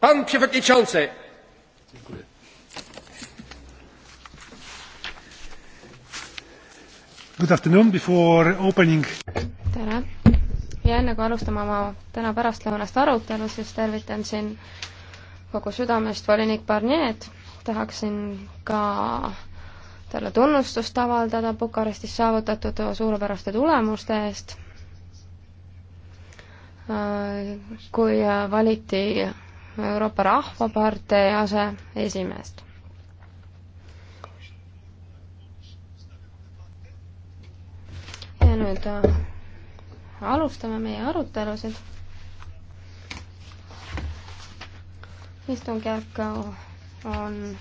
Pan przewodniczący. Dziękuję. Good afternoon before opening. tere ja enne kui alustame oma täna pärastlõunast arutelu, siis tervitan siin kogu südamest volinik Barnier'd. tahaksin ka talle tunnustust avaldada Bukarestis saavutatud suurepäraste tulemuste eest. Äh, kui valiti Euroopa Rahvapartei aseesimeest. ja nüüd äh, alustame meie arutelusid. istungjärk on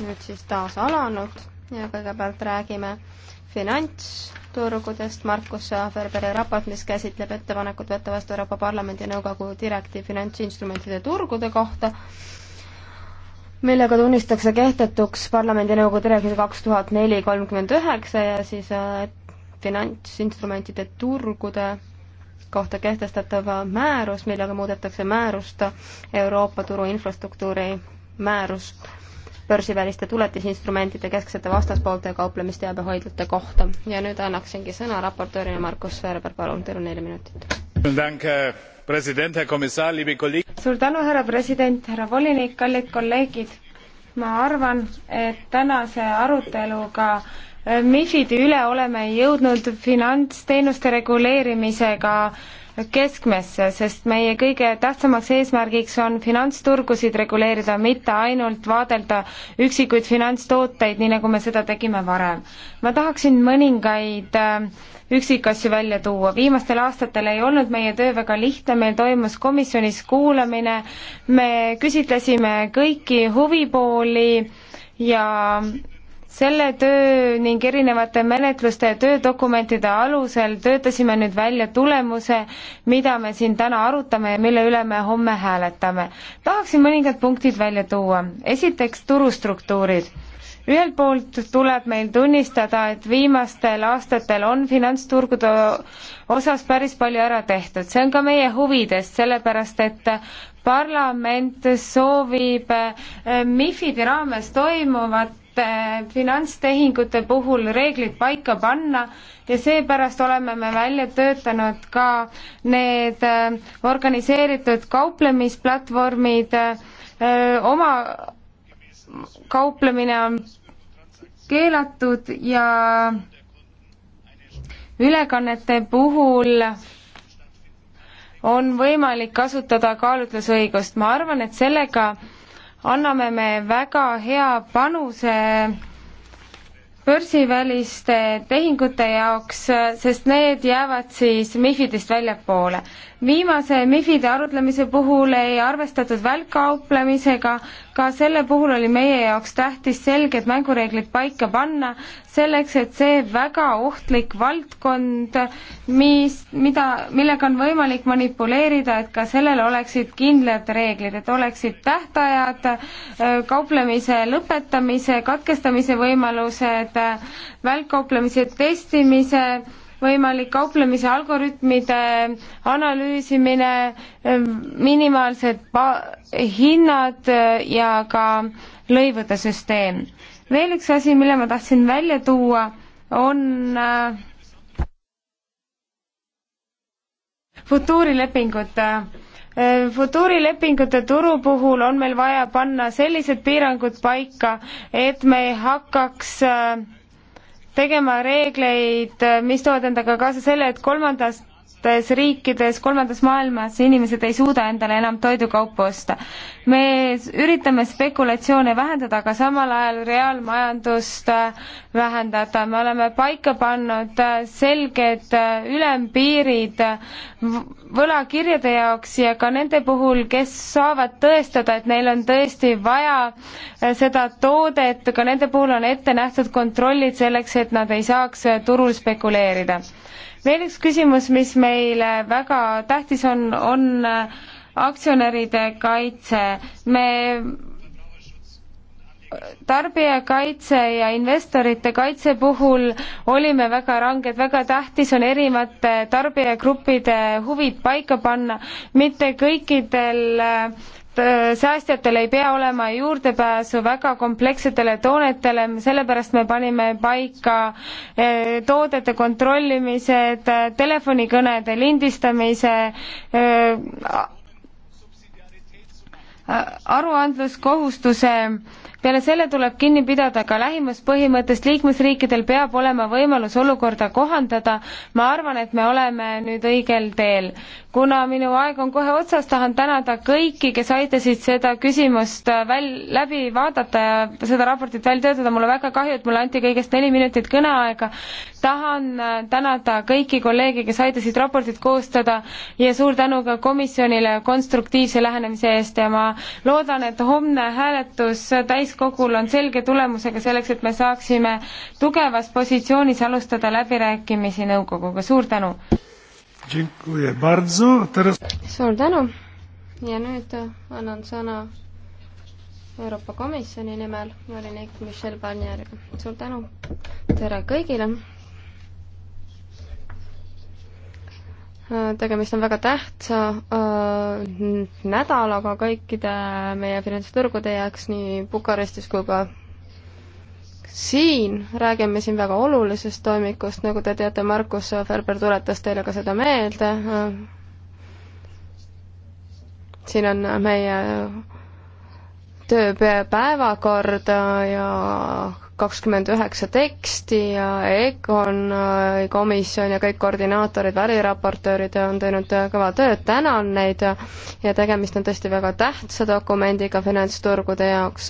nüüd siis taas alanud ja kõigepealt räägime finantsturgudest, Markus Ferberi raport, mis käsitleb ettepanekut võtta vastu Euroopa Parlamendi ja Nõukogu direktiiv finantsinstrumentide turgude kohta, millega tunnistatakse kehtetuks parlamendi ja nõukogu direktiiv kaks tuhat neli kolmkümmend üheksa ja siis äh, finantsinstrumentide turgude kohta kehtestatav määrus, millega muudetakse määrust Euroopa turu infrastruktuuri määrust börsiväliste tuletisinstrumentide kesksete vastaspoolte ja kauplemisteabehoidlate kohta. ja nüüd annaksingi sõna raportöörile Markus Ferber, palun, teil on neli minutit. Eh, suur tänu, härra president, härra volinik, kallid kolleegid. ma arvan, et tänase aruteluga eh, MIFID-i üle oleme jõudnud finantsteenuste reguleerimisega keskmesse, sest meie kõige tähtsamaks eesmärgiks on finantsturgusid reguleerida, mitte ainult vaadelda üksikuid finantstooteid, nii nagu me seda tegime varem. ma tahaksin mõningaid äh, üksikasju välja tuua, viimastel aastatel ei olnud meie töö väga lihtne, meil toimus komisjonis kuulamine, me küsitlesime kõiki huvipooli ja selle töö ning erinevate menetluste ja töödokumentide alusel töötasime nüüd välja tulemuse, mida me siin täna arutame ja mille üle me homme hääletame. tahaksin mõningad punktid välja tuua. esiteks turustruktuurid ühelt poolt tuleb meil tunnistada, et viimastel aastatel on finantsturgude osas päris palju ära tehtud, see on ka meie huvides, sellepärast et parlament soovib eh, MIFID-i raames toimuvat Äh, finantstehingute puhul reeglid paika panna ja seepärast oleme me välja töötanud ka need äh, organiseeritud kauplemisplatvormid, äh, oma kauplemine on keelatud ja ülekannete puhul on võimalik kasutada kaalutlusõigust, ma arvan, et sellega anname me väga hea panuse börsiväliste tehingute jaoks, sest need jäävad siis MIFidest väljapoole viimase MIFide arutlemise puhul ei arvestatud välkkauplemisega, ka selle puhul oli meie jaoks tähtis selged mängureeglid paika panna, selleks et see väga ohtlik valdkond, mis, mida, millega on võimalik manipuleerida, et ka sellel oleksid kindlad reeglid, et oleksid tähtajad, kauplemise lõpetamise, katkestamise võimalused, välkkauplemise testimise, võimalik kauplemise algoritmide analüüsimine, minimaalsed hinnad äh, ja ka lõivude süsteem. veel üks asi, mille ma tahtsin välja tuua, on äh, futuurilepingud äh, futuurilepingute turu puhul on meil vaja panna sellised piirangud paika, et me ei hakkaks äh, tegema reegleid, mis toovad endaga kaasa selle, et kolmandast paljudes riikides kolmandas maailmas inimesed ei suuda endale enam toidukaupa osta. me üritame spekulatsioone vähendada, aga samal ajal reaalmajandust äh, vähendada, me oleme paika pannud äh, selged äh, ülempiirid võlakirjade jaoks ja ka nende puhul, kes saavad tõestada, et neil on tõesti vaja seda toodet, ka nende puhul on ette nähtud kontrollid selleks, et nad ei saaks turul spekuleerida veel üks küsimus, mis meile väga tähtis on, on äh, aktsionäride kaitse. me tarbijakaitse ja investorite kaitse puhul olime väga ranged, väga tähtis on erinevate tarbijagruppide huvid paika panna, mitte kõikidel äh, Äh, säästjatel ei pea olema juurdepääsu väga komplekssetele toonetele, sellepärast me panime paika äh, toodete kontrollimised, äh, telefonikõnede lindistamise, aruandluskohustuse peale selle tuleb kinni pidada ka lähimuspõhimõttest, liikmesriikidel peab olema võimalus olukorda kohandada, ma arvan, et me oleme nüüd õigel teel. kuna minu aeg on kohe otsas, tahan tänada kõiki, kes aitasid seda küsimust väl-, läbi vaadata ja seda raportit välja töötada, mul on väga kahju, et mulle anti kõigest neli minutit kõneaega, tahan äh, tänada kõiki kolleege, kes aitasid raportit koostada ja suur tänu ka komisjonile konstruktiivse lähenemise eest ja ma loodan, et homne hääletus täis täiskogul on selge tulemusega selleks, et me saaksime tugevas positsioonis alustada läbirääkimisi nõukoguga, suur tänu! suur tänu ja nüüd annan sõna Euroopa Komisjoni nimel volinik Michel Barnierile. suur tänu, tere kõigile! tegemist on väga tähtsa äh, nädalaga kõikide meie finantsturgude jaoks nii Bukarestis kui ka siin räägime siin väga olulisest toimikust, nagu te teate, Markus Ferber tuletas teile ka seda meelde. siin on meie töö päevakord ja kakskümmend üheksa teksti ja EKON äh, komisjon ja kõik koordinaatorid, väliraportöörid on teinud äh, kõva tööd, tänan neid ja ja tegemist on tõesti väga tähtsa dokumendiga finantsturgude jaoks,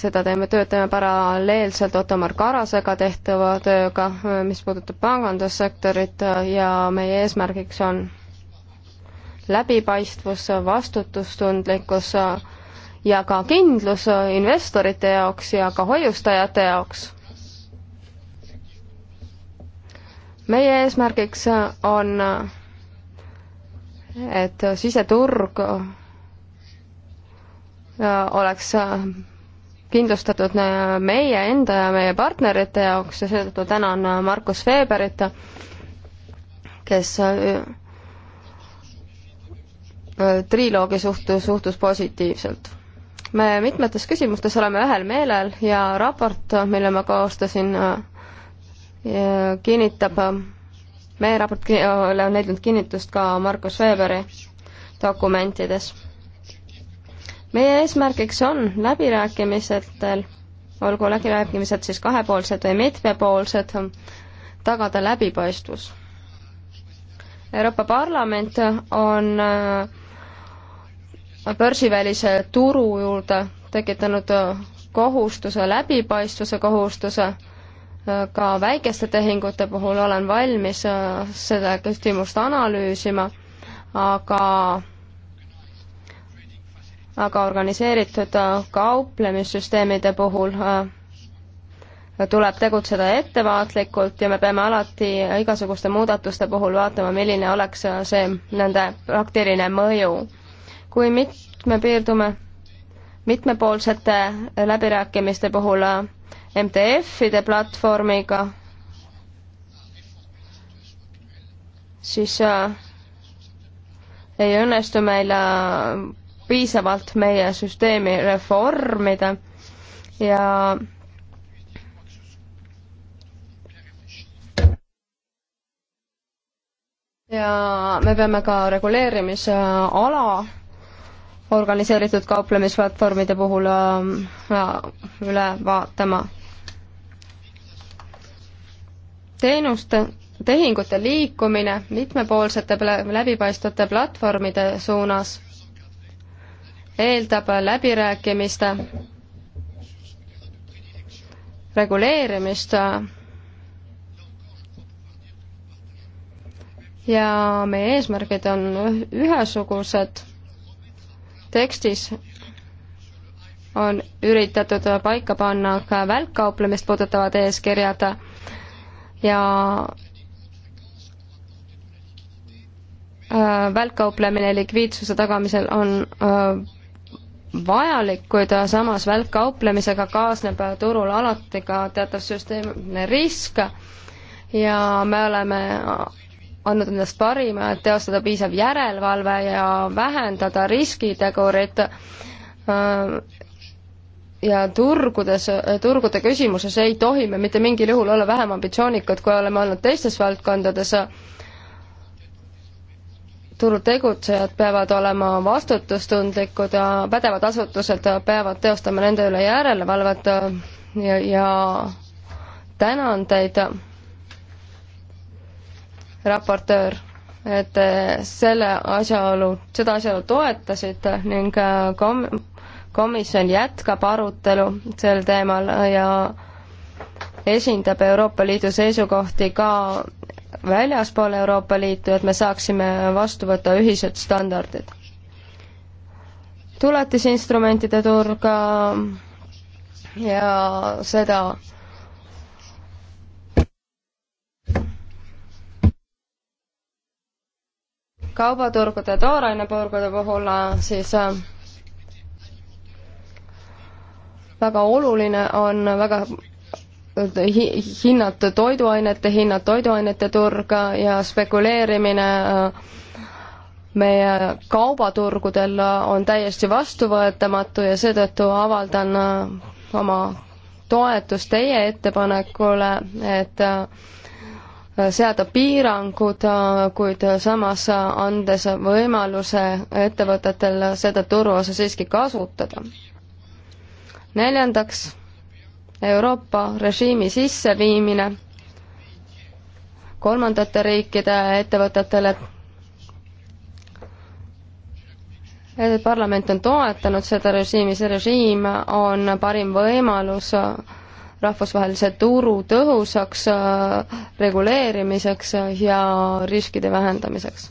seda teeme, tööd teeme paralleelselt Ottomar Karasega tehtava tööga, äh, mis puudutab pangandussektorit ja meie eesmärgiks on läbipaistvus, vastutustundlikkus, ja ka kindlus investorite jaoks ja ka hoiustajate jaoks. meie eesmärgiks on, et siseturg äh, oleks äh, kindlustatud äh, meie enda ja meie partnerite jaoks ja seetõttu tänan Markus Veberit, kes triloogi suhtu, suhtus positiivselt me mitmetes küsimustes oleme ühel meelel ja raport, mille ma koostasin, äh, kinnitab, äh, meie raport on leidnud kinnitust ka Markus Weberi dokumentides. meie eesmärgiks on läbirääkimistel, olgu läbirääkimised siis kahepoolsed või mitmepoolsed, tagada läbipaistvus. Euroopa Parlament on äh, börsivälise turu juurde, tekitanud äh, kohustuse, läbipaistvuse kohustuse, äh, ka väikeste tehingute puhul olen valmis äh, seda küsimust analüüsima, aga aga organiseeritud kauplemissüsteemide puhul tuleb tegutseda ettevaatlikult ja me peame alati igasuguste muudatuste puhul vaatama, milline oleks see nende praktiline mõju kui mit-, me piirdume mitmepoolsete läbirääkimiste puhul äh, MTF-ide platvormiga, siis äh, ei õnnestu meil äh, piisavalt meie süsteemi reformida ja ja me peame ka reguleerimisala organiseeritud kauplemisplatvormide puhul äh, äh, üle vaatama. teenuste, tehingute liikumine mitmepoolsete läbipaistvate platvormide suunas eeldab läbirääkimiste reguleerimist ja meie eesmärgid on ühesugused tekstis on üritatud paika panna ka välkkauplemist puudutavad eeskirjad ja äh, välkkauplemine likviidsuse tagamisel on äh, vajalik, kuid samas välkkauplemisega kaasneb turul alati ka teatav süsteemne risk ja me oleme andnud endast parima, et teostada piisav järelevalve ja vähendada riskitegurit äh, ja turgudes, turgude küsimuses ei tohi me mitte mingil juhul olla vähem ambitsioonikad, kui oleme olnud teistes valdkondades. turul tegutsejad peavad olema vastutustundlikud ja pädevad asutused peavad teostama nende üle järelevalvet ja, ja tänan teid raportöör, et selle asjaolu, seda asjaolu toetasite ning äh, kom-, komisjon jätkab arutelu sel teemal ja esindab Euroopa Liidu seisukohti ka väljaspool Euroopa Liitu, et me saaksime vastu võtta ühised standardid. tuletisinstrumentide turg äh, ja seda kaubaturgude, tooraineturgude puhul äh, siis äh, väga oluline on väga äh, hinnad, toiduainete hinnad, toiduainete turg ja spekuleerimine meie kaubaturgudel on täiesti vastuvõetamatu ja seetõttu avaldan oma toetust teie ettepanekule, et seada piirangud, äh, kuid samas andes võimaluse ettevõtetel seda turuosa siiski kasutada. neljandaks, Euroopa režiimi sisseviimine kolmandate riikide ettevõtetele. parlament on toetanud seda režiimi, see režiim on parim võimalus rahvusvahelise turu tõhusaks äh, reguleerimiseks äh, ja riskide vähendamiseks.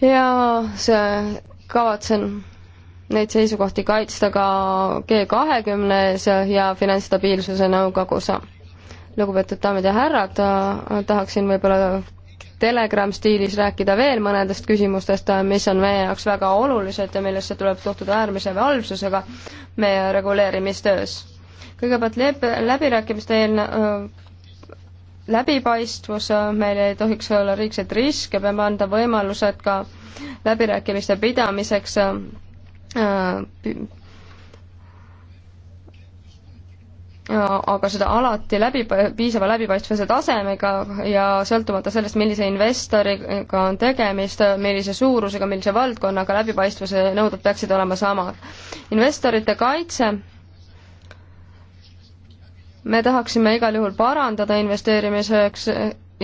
ja see, kavatsen neid seisukohti kaitsta ka G kahekümnes ja finantsstabiilsuse nõukogus. lugupeetud daamid ja härrad, äh, tahaksin võib-olla Telegram stiilis rääkida veel mõnedest küsimustest, mis on meie jaoks väga olulised ja millesse tuleb suhtuda äärmise valvsusega meie reguleerimistöös. kõigepealt läbi, läbirääkimiste eelne- äh,, läbipaistvus, äh, meil ei tohiks olla liigseid riske, peame anda võimalused ka läbirääkimiste pidamiseks äh, äh aga seda alati läbi, piisava läbipaistvuse tasemega ja sõltumata sellest, millise investoriga on tegemist, millise suurusega, millise valdkonnaga, läbipaistvuse nõuded peaksid olema samad. investorite kaitse me tahaksime igal juhul parandada investeerimiseks,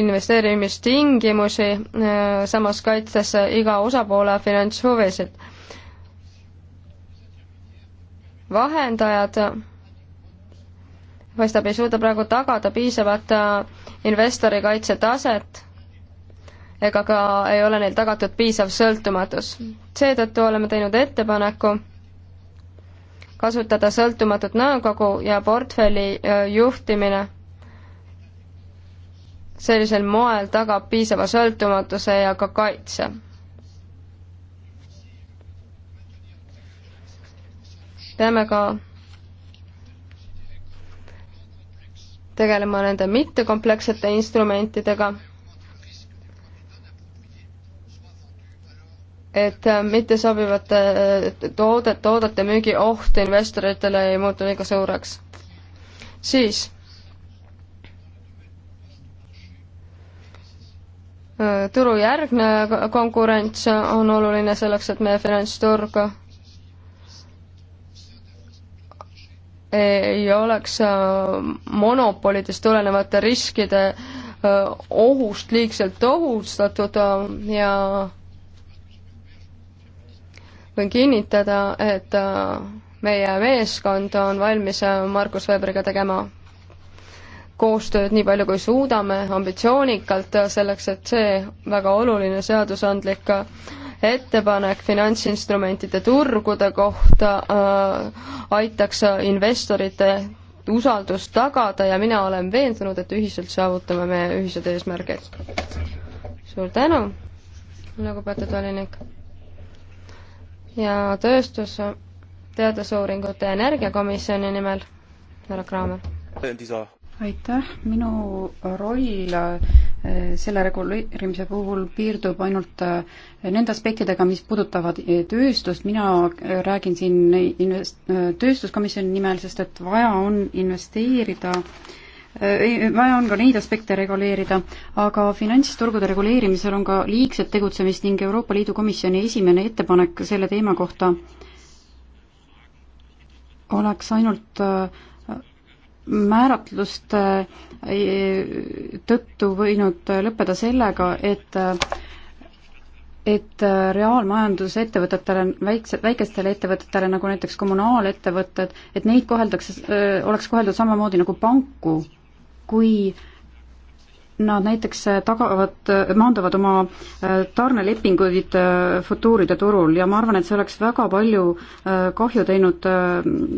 investeerimistingimusi, äh, samas kaitses iga osapoole finantshuvisid. vahendajad paistab, ei suuda praegu tagada piisavat äh, investori kaitsetaset ega ka ei ole neil tagatud piisav sõltumatus. seetõttu oleme teinud ettepaneku kasutada sõltumatut nõukogu ja portfelli äh, juhtimine sellisel moel tagab piisava sõltumatuse ja ka kaitse. peame ka tegelema nende mittekomplekssete instrumentidega, et mittesobivate toodet, toodete müügi oht investoritele ei muutu liiga suureks. siis äh, turujärgne konkurents on oluline selleks, et meie finantsturg ei oleks äh, monopolidest tulenevate riskide äh, ohust liigselt ohustatud äh, ja võin kinnitada, et meie meeskond on valmis Margus Weberiga tegema koostööd nii palju, kui suudame, ambitsioonikalt, selleks et see väga oluline seadusandlik ettepanek finantsinstrumentide turgude kohta äh, aitaks investorite usaldust tagada ja mina olen veendunud, et ühiselt saavutame me ühised eesmärgid. suur tänu, lugupeetud volinik. ja tööstus, teadusuuringute ja energiakomisjoni nimel härra Kraamer. aitäh, minu roll Äh, selle reguleerimise puhul piirdub ainult äh, nende aspektidega, mis puudutavad äh, tööstust, mina räägin siin invest-, tööstuskomisjoni nimel, sest et vaja on investeerida vaja on ka neid aspekte reguleerida, aga finantsturgude reguleerimisel on ka liigset tegutsemist ning Euroopa Liidu Komisjoni esimene ettepanek selle teema kohta oleks ainult määratluste äh, tõttu võinud lõppeda sellega, et et reaalmajandus ettevõtetele, väikse, väikestele ettevõtetele, nagu näiteks kommunaalettevõtted, et neid koheldakse, oleks koheldud samamoodi nagu panku, kui äh, nad näiteks tagavad, maandavad oma äh, tarnelepinguid äh, futuuride turul ja ma arvan, et see oleks väga palju äh, kahju teinud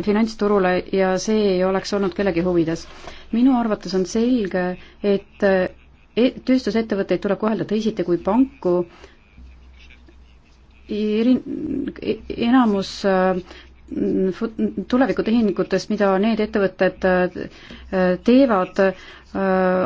finantsturule ja see ei oleks olnud kellegi huvides. minu arvates on selge, et e, tööstusettevõtteid tuleb kohelda teisiti kui panku, eri-, e, enamus tulevikutehingutest, mida need ettevõtted teevad,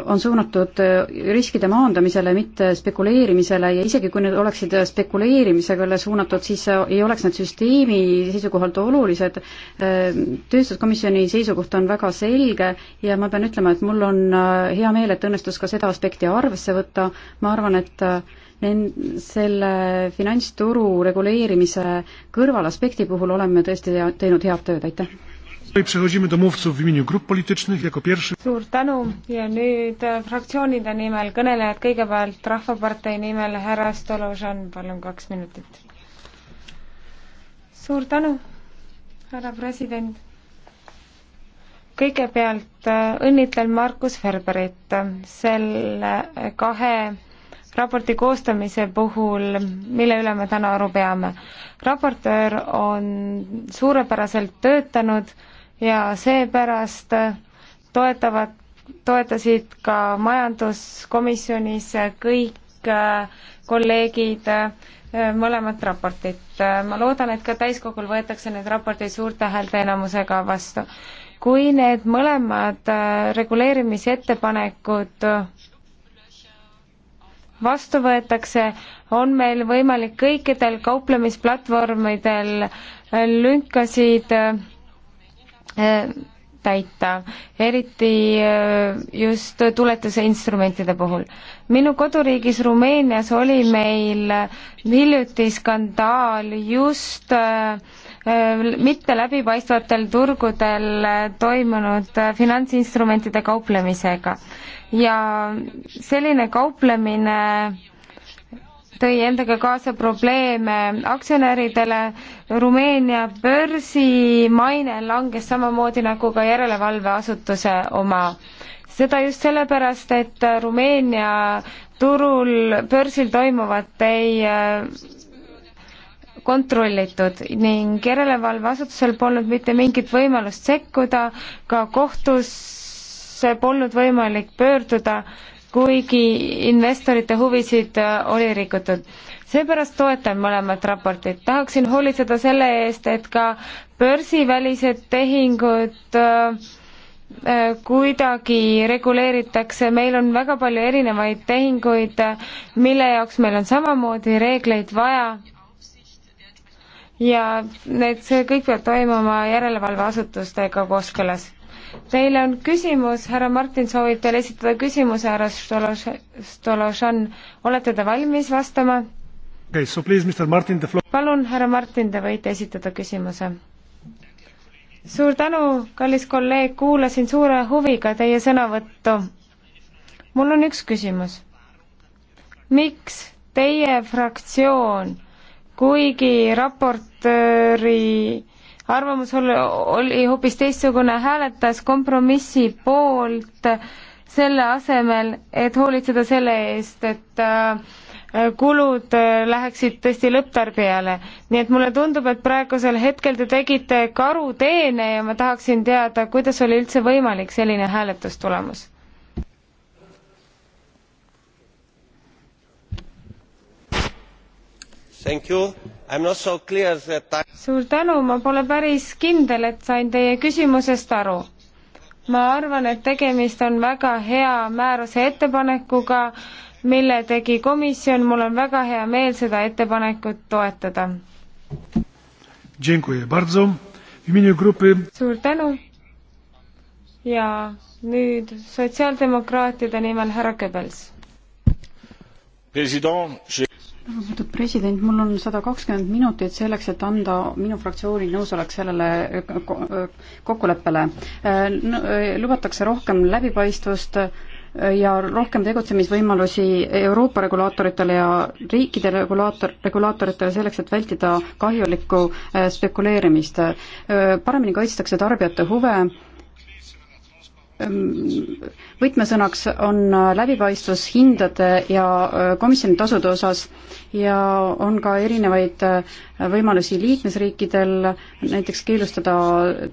on suunatud äh, riskide maandamisele, mitte spekuleerimisele ja isegi kui need oleksid spekuleerimisele suunatud, siis äh, ei oleks need süsteemi seisukohalt olulised. Äh, tööstuskomisjoni seisukoht on väga selge ja ma pean ütlema, et mul on hea meel, et õnnestus ka seda aspekti arvesse võtta, ma arvan, et nen-, selle finantsturu reguleerimise kõrvalaspekti puhul oleme tõesti teinud head tööd, aitäh! suur tänu ja nüüd äh, fraktsioonide nimel kõnelejad, kõigepealt Rahvapartei nimel härra Stoložan, palun kaks minutit. suur tänu, härra president. kõigepealt äh, õnnitlen Markus Ferberit äh, selle kahe raporti koostamise puhul, mille üle me täna aru peame. raportöör on suurepäraselt töötanud ja seepärast toetavad, toetasid ka majanduskomisjonis kõik äh, kolleegid äh, mõlemat raportit. Äh, ma loodan, et ka täiskogul võetakse need raportid suurte häälteenamusega vastu. kui need mõlemad reguleerimisettepanekud vastu võetakse, on meil võimalik kõikidel kauplemisplatvormidel lünkasid Äh, täita, eriti äh, just tuletuse instrumentide puhul. minu koduriigis Rumeenias oli meil hiljuti skandaal just äh, mitte läbipaistvatel turgudel toimunud finantsinstrumentide kauplemisega ja selline kauplemine tõi endaga kaasa probleeme aktsionäridele. Rumeenia börsi maine langes samamoodi nagu ka järelevalveasutuse oma. seda just sellepärast, et Rumeenia turul, börsil toimuvat ei äh, kontrollitud ning järelevalveasutusel polnud mitte mingit võimalust sekkuda, ka kohtusse polnud võimalik pöörduda kuigi investorite huvisid äh, oli rikutud. seepärast toetan mõlemat raportit. tahaksin hoolitseda selle eest, et ka börsivälised tehingud äh, äh, kuidagi reguleeritakse, meil on väga palju erinevaid tehinguid, mille jaoks meil on samamoodi reegleid vaja ja need, see kõik peab toimuma järelevalveasutustega kooskõlas Teile on küsimus, härra Martin soovib teile esitada küsimuse, härra Stološan. olete te valmis vastama? Okay, so please, Mr Martin, the floor. palun, härra Martin, te võite esitada küsimuse. suur tänu, kallis kolleeg, kuulasin suure huviga teie sõnavõttu. mul on üks küsimus. miks teie fraktsioon, kuigi raportööri äh, arvamus oli hoopis teistsugune, hääletas kompromissi poolt selle asemel, et hoolitseda selle eest, et äh, kulud äh, läheksid tõesti lõpptarbijale. nii et mulle tundub, et praegusel hetkel te tegite karuteene ja ma tahaksin teada, kuidas oli üldse võimalik selline hääletustulemus So that... suur tänu, ma pole päris kindel, et sain teie küsimusest aru. ma arvan, et tegemist on väga hea määruse ettepanekuga, mille tegi komisjon, mul on väga hea meel seda ettepanekut toetada. suur tänu ja nüüd sotsiaaldemokraatide nimel härra Goebbels. president je lugupeetud president, mul on sada kakskümmend minutit selleks, et anda minu fraktsiooni nõusolek sellele äh, äh, kokkuleppele. Äh, lubatakse rohkem läbipaistvust ja rohkem tegutsemisvõimalusi Euroopa regulaatoritele ja riikide regulaator, regulaatoritele selleks, et vältida kahjulikku spekuleerimist. paremini kaitstakse tarbijate huve Ehm, võtmesõnaks on äh, läbipaistvus hindade ja äh, komisjoni tasude osas ja on ka erinevaid äh, võimalusi liikmesriikidel näiteks keelustada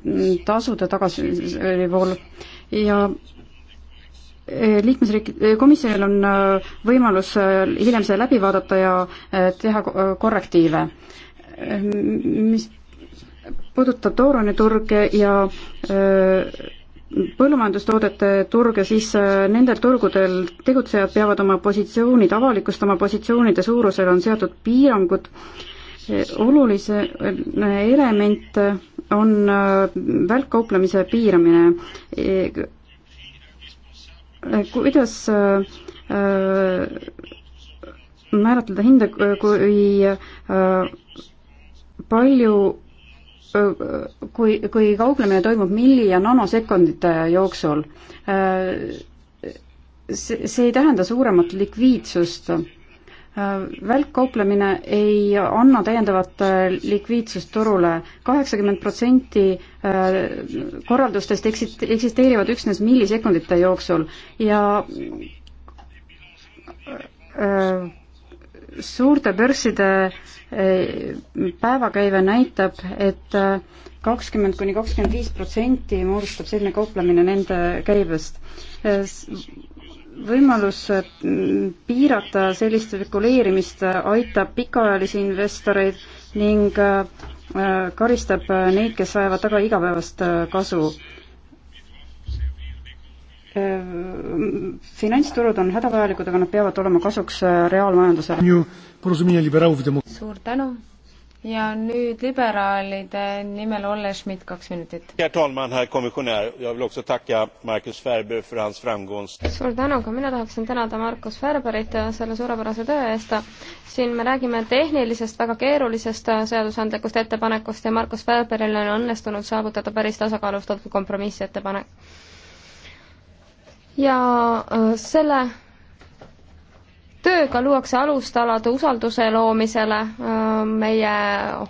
mm, tasude tagasi pool ja liikmesriik, komisjonil on võimalus hiljem see läbi vaadata ja teha korrektiive. Ehm, mis puudutab tooraineturge ja öö, põllumajandustoodete turge, siis äh, nendel turgudel tegutsejad peavad oma positsioonid avalikustama, positsioonide suurusel on seatud piirangud, olulise äh, element on äh, välkkauplemise piiramine. kuidas määratleda hinda, kui palju kui, kui kauplemine toimub milli- ja nanosekundite jooksul. see, see ei tähenda suuremat likviidsust. välkkauplemine ei anna täiendavat likviidsust turule. kaheksakümmend protsenti äh, korraldustest eksist-, eksisteerivad üksnes millisekundite jooksul ja öö, äh, suurte börside eh, päevakäive näitab, et eh, kakskümmend kuni kakskümmend viis protsenti moodustab selline kauplemine nende käibest. Eh, võimalus mm, piirata sellist spekuleerimist aitab pikaajalisi investoreid ning karistab neid, kes ajavad taga igapäevast kasu finantsturud on hädavajalikud, aga nad peavad olema kasuks äh, reaalmajandusele. suur tänu ja nüüd liberaalide nimel Olle Schmidt, kaks minutit. suur tänu, ka mina tahaksin tänada Markus Ferberit äh, selle suurepärase töö eest. siin me räägime tehnilisest, väga keerulisest äh, seadusandlikust ettepanekust ja Markus Ferberil on õnnestunud saavutada päris tasakaalustatud kompromissettepanek ja äh, selle tööga luuakse alustalade usalduse loomisele äh, meie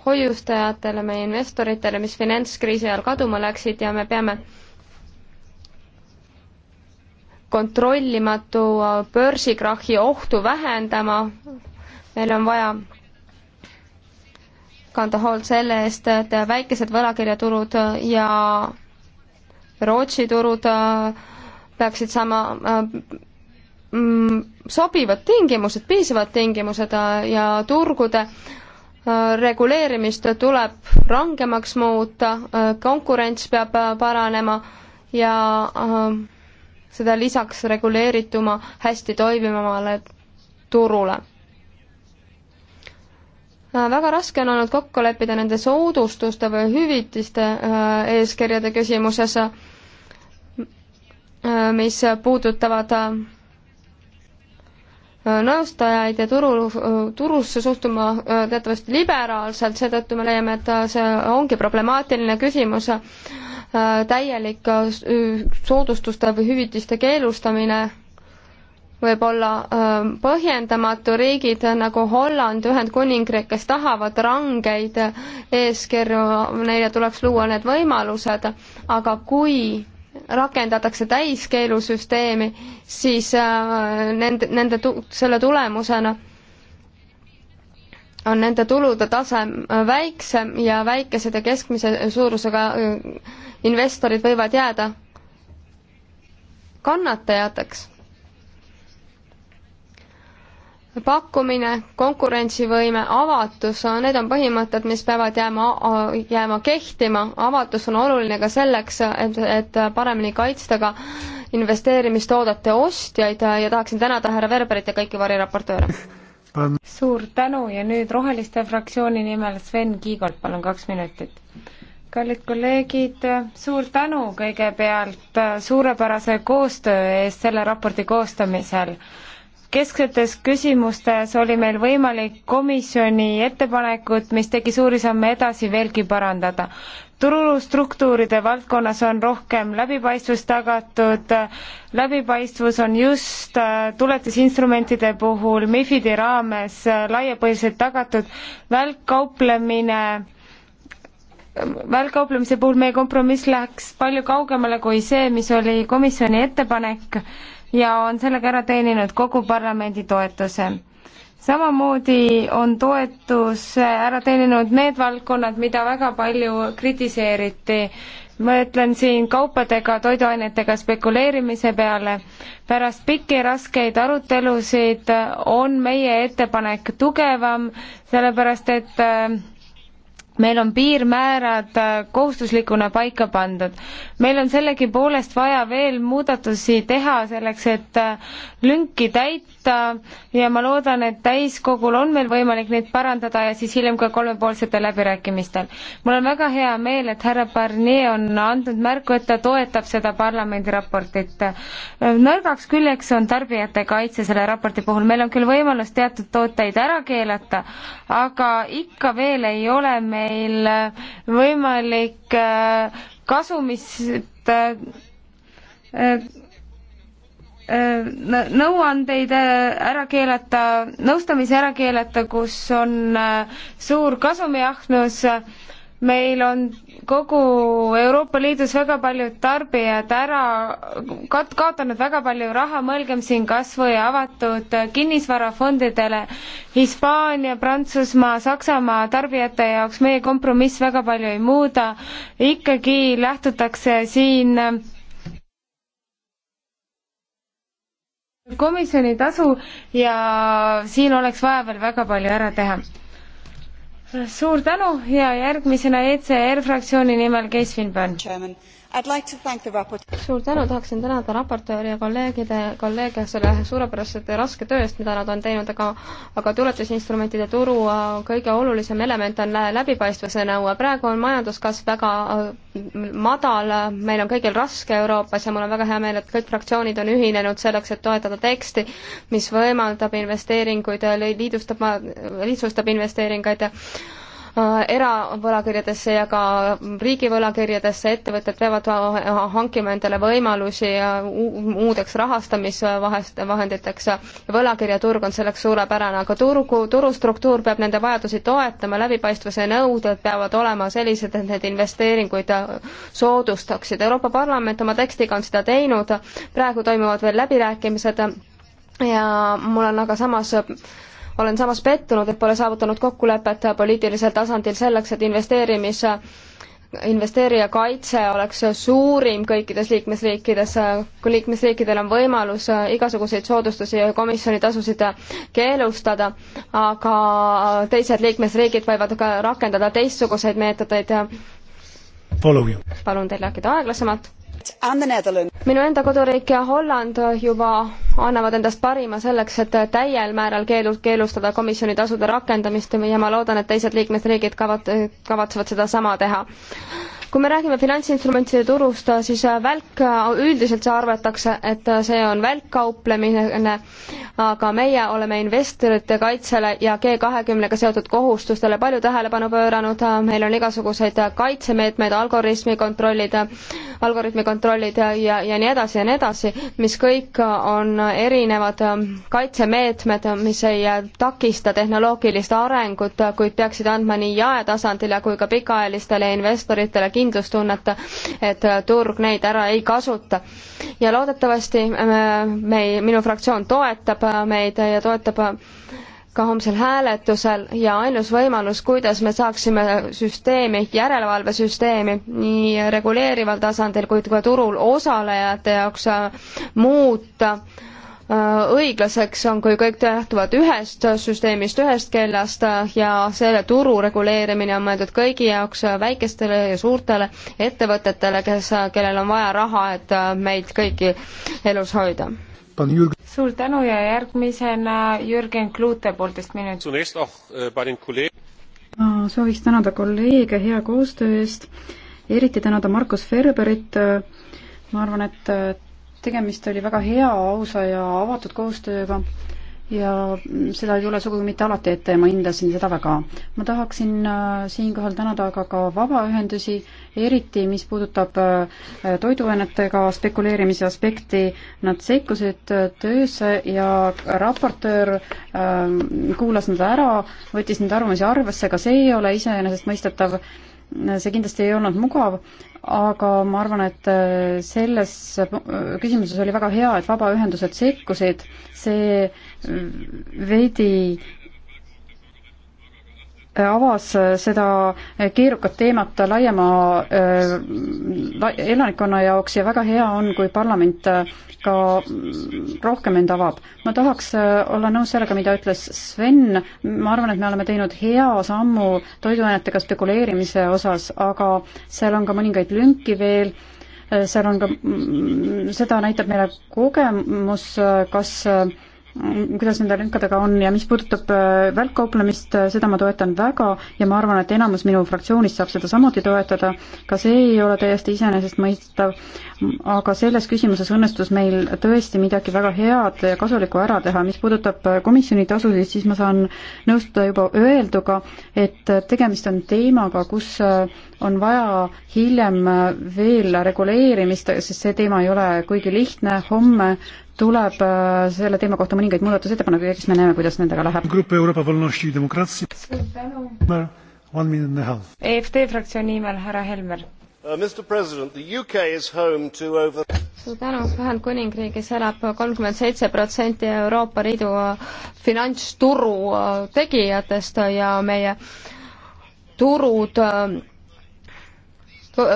hoiustajatele, meie investoritele, mis finantskriisi ajal kaduma läksid ja me peame kontrollimatu äh, börsikrahhi ohtu vähendama. meil on vaja kanda hoolt selle eest, et väikesed võlakirjaturud ja Rootsi turud äh, peaksid saama äh, mm, sobivad tingimused, piisavad tingimused äh, ja turgude äh, reguleerimist tuleb rangemaks muuta, konkurents peab paranema ja seda lisaks reguleerituma hästi toimivamale turule. väga raske on olnud kokku leppida nende soodustuste või hüvitiste eeskirjade küsimuses Äh, mis puudutavad äh, nõustajaid ja turu, äh, turusse suhtuma teatavasti liberaalselt, seetõttu me leiame, et see ongi problemaatiline küsimus, täielik soodustuste või hüvitiste keelustamine võib olla põhjendamatu, riigid nagu Holland, Ühendkuningriik, kes tahavad rangeid eeskirju, neile tuleks luua need võimalused, aga kui rakendatakse täiskeelusüsteemi, siis äh, nende, nende, selle tulemusena on nende tulude tase äh, väiksem ja väikesed ja keskmise suurusega äh, investorid võivad jääda kannatajateks pakkumine, konkurentsivõime, avatus, need on põhimõtted, mis peavad jääma, jääma kehtima, avatus on oluline ka selleks, et, et paremini kaitsta ka investeerimistoodete ostjaid ja, ja tahaksin tänada härra Verberit ja kõiki variraportööre. suur tänu ja nüüd Roheliste fraktsiooni nimel Sven Kiigolt, palun kaks minutit kallid kolleegid, suur tänu kõigepealt suurepärase koostöö eest selle raporti koostamisel kesksetes küsimustes oli meil võimalik komisjoni ettepanekut, mis tegi suuri samme edasi, veelgi parandada. turustruktuuride valdkonnas on rohkem läbipaistvust tagatud, läbipaistvus on just äh, tuletisinstrumentide puhul MIFID-i raames äh, laiapõhjaliselt tagatud, välkkauplemine välkkauplemise puhul meie kompromiss läks palju kaugemale kui see, mis oli komisjoni ettepanek ja on sellega ära teeninud kogu parlamendi toetuse samamoodi on toetus ära teeninud need valdkonnad, mida väga palju kritiseeriti. ma ütlen siin kaupadega, toiduainetega spekuleerimise peale. pärast pikki raskeid arutelusid on meie ettepanek tugevam, sellepärast et äh, meil on piirmäärad äh, kohustuslikuna paika pandud. meil on sellegipoolest vaja veel muudatusi teha selleks, et äh, lünki täita ja ma loodan, et täiskogul on meil võimalik neid parandada ja siis hiljem ka kolmepoolsetel läbirääkimistel. mul on väga hea meel, et härra Barnier on andnud märku, et ta toetab seda parlamendi raportit. nõrgaks küljeks on tarbijate kaitse selle raporti puhul, meil on küll võimalus teatud tooteid ära keelata, aga ikka veel ei ole meil meil võimalik äh, kasumist äh, äh, nõuandeid ära keelata, nõustamisi ära keelata, kus on suur kasumiahnus meil on kogu Euroopa Liidus väga paljud tarbijad ära kat-, kaotanud väga palju raha, mõelgem siin kas või avatud kinnisvarafondidele. Hispaania, Prantsusmaa, Saksamaa tarbijate jaoks meie kompromiss väga palju ei muuda, ikkagi lähtutakse siin komisjoni tasu ja siin oleks vaja veel väga palju ära teha suur tänu ja järgmisena ECR fraktsiooni nimel Keis Finburn. Like suur tänu, tahaksin tänada raportööri ja kolleegide, kolleege selle suurepärase ja raske töö eest, mida nad on teinud, aga aga tuletusinstrumentide turu äh, kõige olulisem element on läbipaistvuse nõue. praegu on majanduskasv väga äh, madal, meil on kõigil raske Euroopas ja mul on väga hea meel, et kõik fraktsioonid on ühinenud selleks, et toetada teksti, mis võimaldab investeeringuid, lihtsustab, lihtsustab investeeringuid ja eravõlakirjadesse ja ka riigivõlakirjadesse, ettevõtted peavad hankima endale võimalusi muudeks rahastamisvahest, vahenditeks ja võlakirjaturg on selleks suurepärane, aga turgu, turustruktuur peab nende vajadusi toetama, läbipaistvuse nõuded peavad olema sellised, et need investeeringuid soodustaksid. Euroopa Parlament oma tekstiga on seda teinud, praegu toimuvad veel läbirääkimised ja mul on aga samas olen samas pettunud, et pole saavutanud kokkulepet poliitilisel tasandil selleks, et investeerimis investeerija kaitse oleks suurim kõikides liikmesriikides, kui liikmesriikidel on võimalus igasuguseid soodustusi ja komisjoni tasusid keelustada, aga teised liikmesriigid võivad ka rakendada teistsuguseid meetodeid. palun teil rääkida aeglasemalt minu enda koduriik ja Holland juba annavad endast parima selleks, et täiel määral keelu, keelustada komisjoni tasude rakendamist ja ma loodan, et teised liikmesriigid kavat-, kavatsevad sedasama teha kui me räägime finantsinstrumentide turust, siis äh, välk, äh, üldiselt see arvatakse, et äh, see on välkkauplemine, aga meie oleme investorite kaitsele ja G kahekümnega seotud kohustustele palju tähelepanu pööranud, meil on igasuguseid kaitsemeetmeid, algoritmi kontrollid, algoritmi kontrollid ja, ja, ja nii edasi ja nii edasi, mis kõik on erinevad kaitsemeetmed, mis ei takista tehnoloogilist arengut, kuid peaksid andma nii jaetasandile kui ka pikaajalistele investoritele kindlustunnet, et turg neid ära ei kasuta. ja loodetavasti äh, me, minu fraktsioon toetab meid ja toetab ka homsel hääletusel ja ainus võimalus, kuidas me saaksime süsteemi, järelevalvesüsteemi nii reguleerival tasandil kui ka turul osalejate jaoks muuta äh, Äh, õiglaseks on, kui kõik lähtuvad ühest süsteemist, ühest kellast äh, ja selle turu reguleerimine on mõeldud kõigi jaoks, äh, väikestele ja suurtele ettevõtetele, kes, kellel on vaja raha, et meid kõiki elus hoida. suur tänu ja järgmisena Jürgen Klute poolteist minutit. ma sooviks tänada kolleege hea koostöö eest, eriti tänada Markus Ferberit, ma arvan, et tegemist oli väga hea, ausa ja avatud koostööga ja seda ei tule sugugi mitte alati ette ja ma hindasin seda väga. ma tahaksin äh, siinkohal tänada aga ka vabaühendusi, eriti mis puudutab äh, toiduainetega spekuleerimise aspekti, nad sekkusid äh, töösse ja raportöör kuulas nad ära, võttis neid arvamusi arvesse, ka see ei ole iseenesestmõistetav see kindlasti ei olnud mugav, aga ma arvan, et äh, selles äh, küsimuses oli väga hea, et vabaühendused sekkusid, see äh, veidi avas äh, seda keerukat teemat laiema äh, elanikkonna jaoks ja väga hea on, kui parlament äh, ka mm, rohkem end avab. ma tahaks olla nõus sellega, mida ütles Sven, ma arvan, et me oleme teinud hea sammu toiduainetega spekuleerimise osas, aga seal on ka mõningaid lünki veel seal on ka, mm, seda näitab meile kogemus, kas äh, kuidas nende rünkadega on ja mis puudutab äh, välkkauplemist, äh, seda ma toetan väga ja ma arvan, et enamus minu fraktsioonist saab seda samuti toetada. ka see ei ole täiesti iseenesestmõistav, aga selles küsimuses õnnestus meil tõesti midagi väga head ja kasulikku ära teha. mis puudutab äh, komisjoni tasusid, siis ma saan nõustuda juba öelduga, et tegemist on teemaga, kus on vaja hiljem veel reguleerimist, sest see teema ei ole kuigi lihtne. homme tuleb äh, selle teema kohta mõningaid muudatusettepanekuid ja eks me näeme, kuidas nendega läheb. suur tänu. EFD e fraktsiooni nimel härra Helmer uh, suur tänu, Ühendkuningriigis elab kolmkümmend seitse protsenti Euroopa Liidu uh, finantsturu uh, tegijatest ja meie turud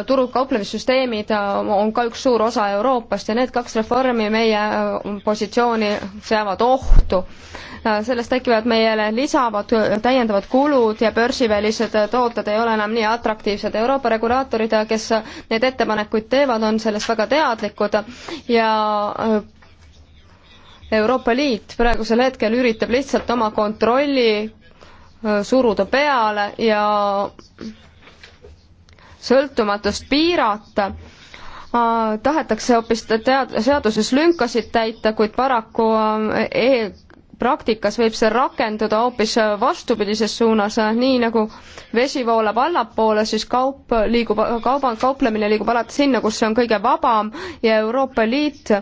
turul kauplemissüsteemid äh, on ka üks suur osa Euroopast ja need kaks reformi meie äh, positsiooni seavad ohtu. Äh, sellest tekivad meile lisavad täiendavad kulud ja börsivälised tooted ei ole enam nii atraktiivsed. Euroopa regulaatorid, kes neid ettepanekuid teevad, on sellest väga teadlikud ja Euroopa Liit praegusel hetkel üritab lihtsalt oma kontrolli suruda peale ja sõltumatust piirata, äh, tahetakse hoopis tead-, seaduses lünkasid täita, kuid paraku äh, e praktikas võib see rakenduda hoopis äh, vastupidises suunas, nii nagu vesi voolab allapoole, siis kaup liigub, kauba, kauplemine liigub alati sinna, kus see on kõige vabam ja Euroopa Liit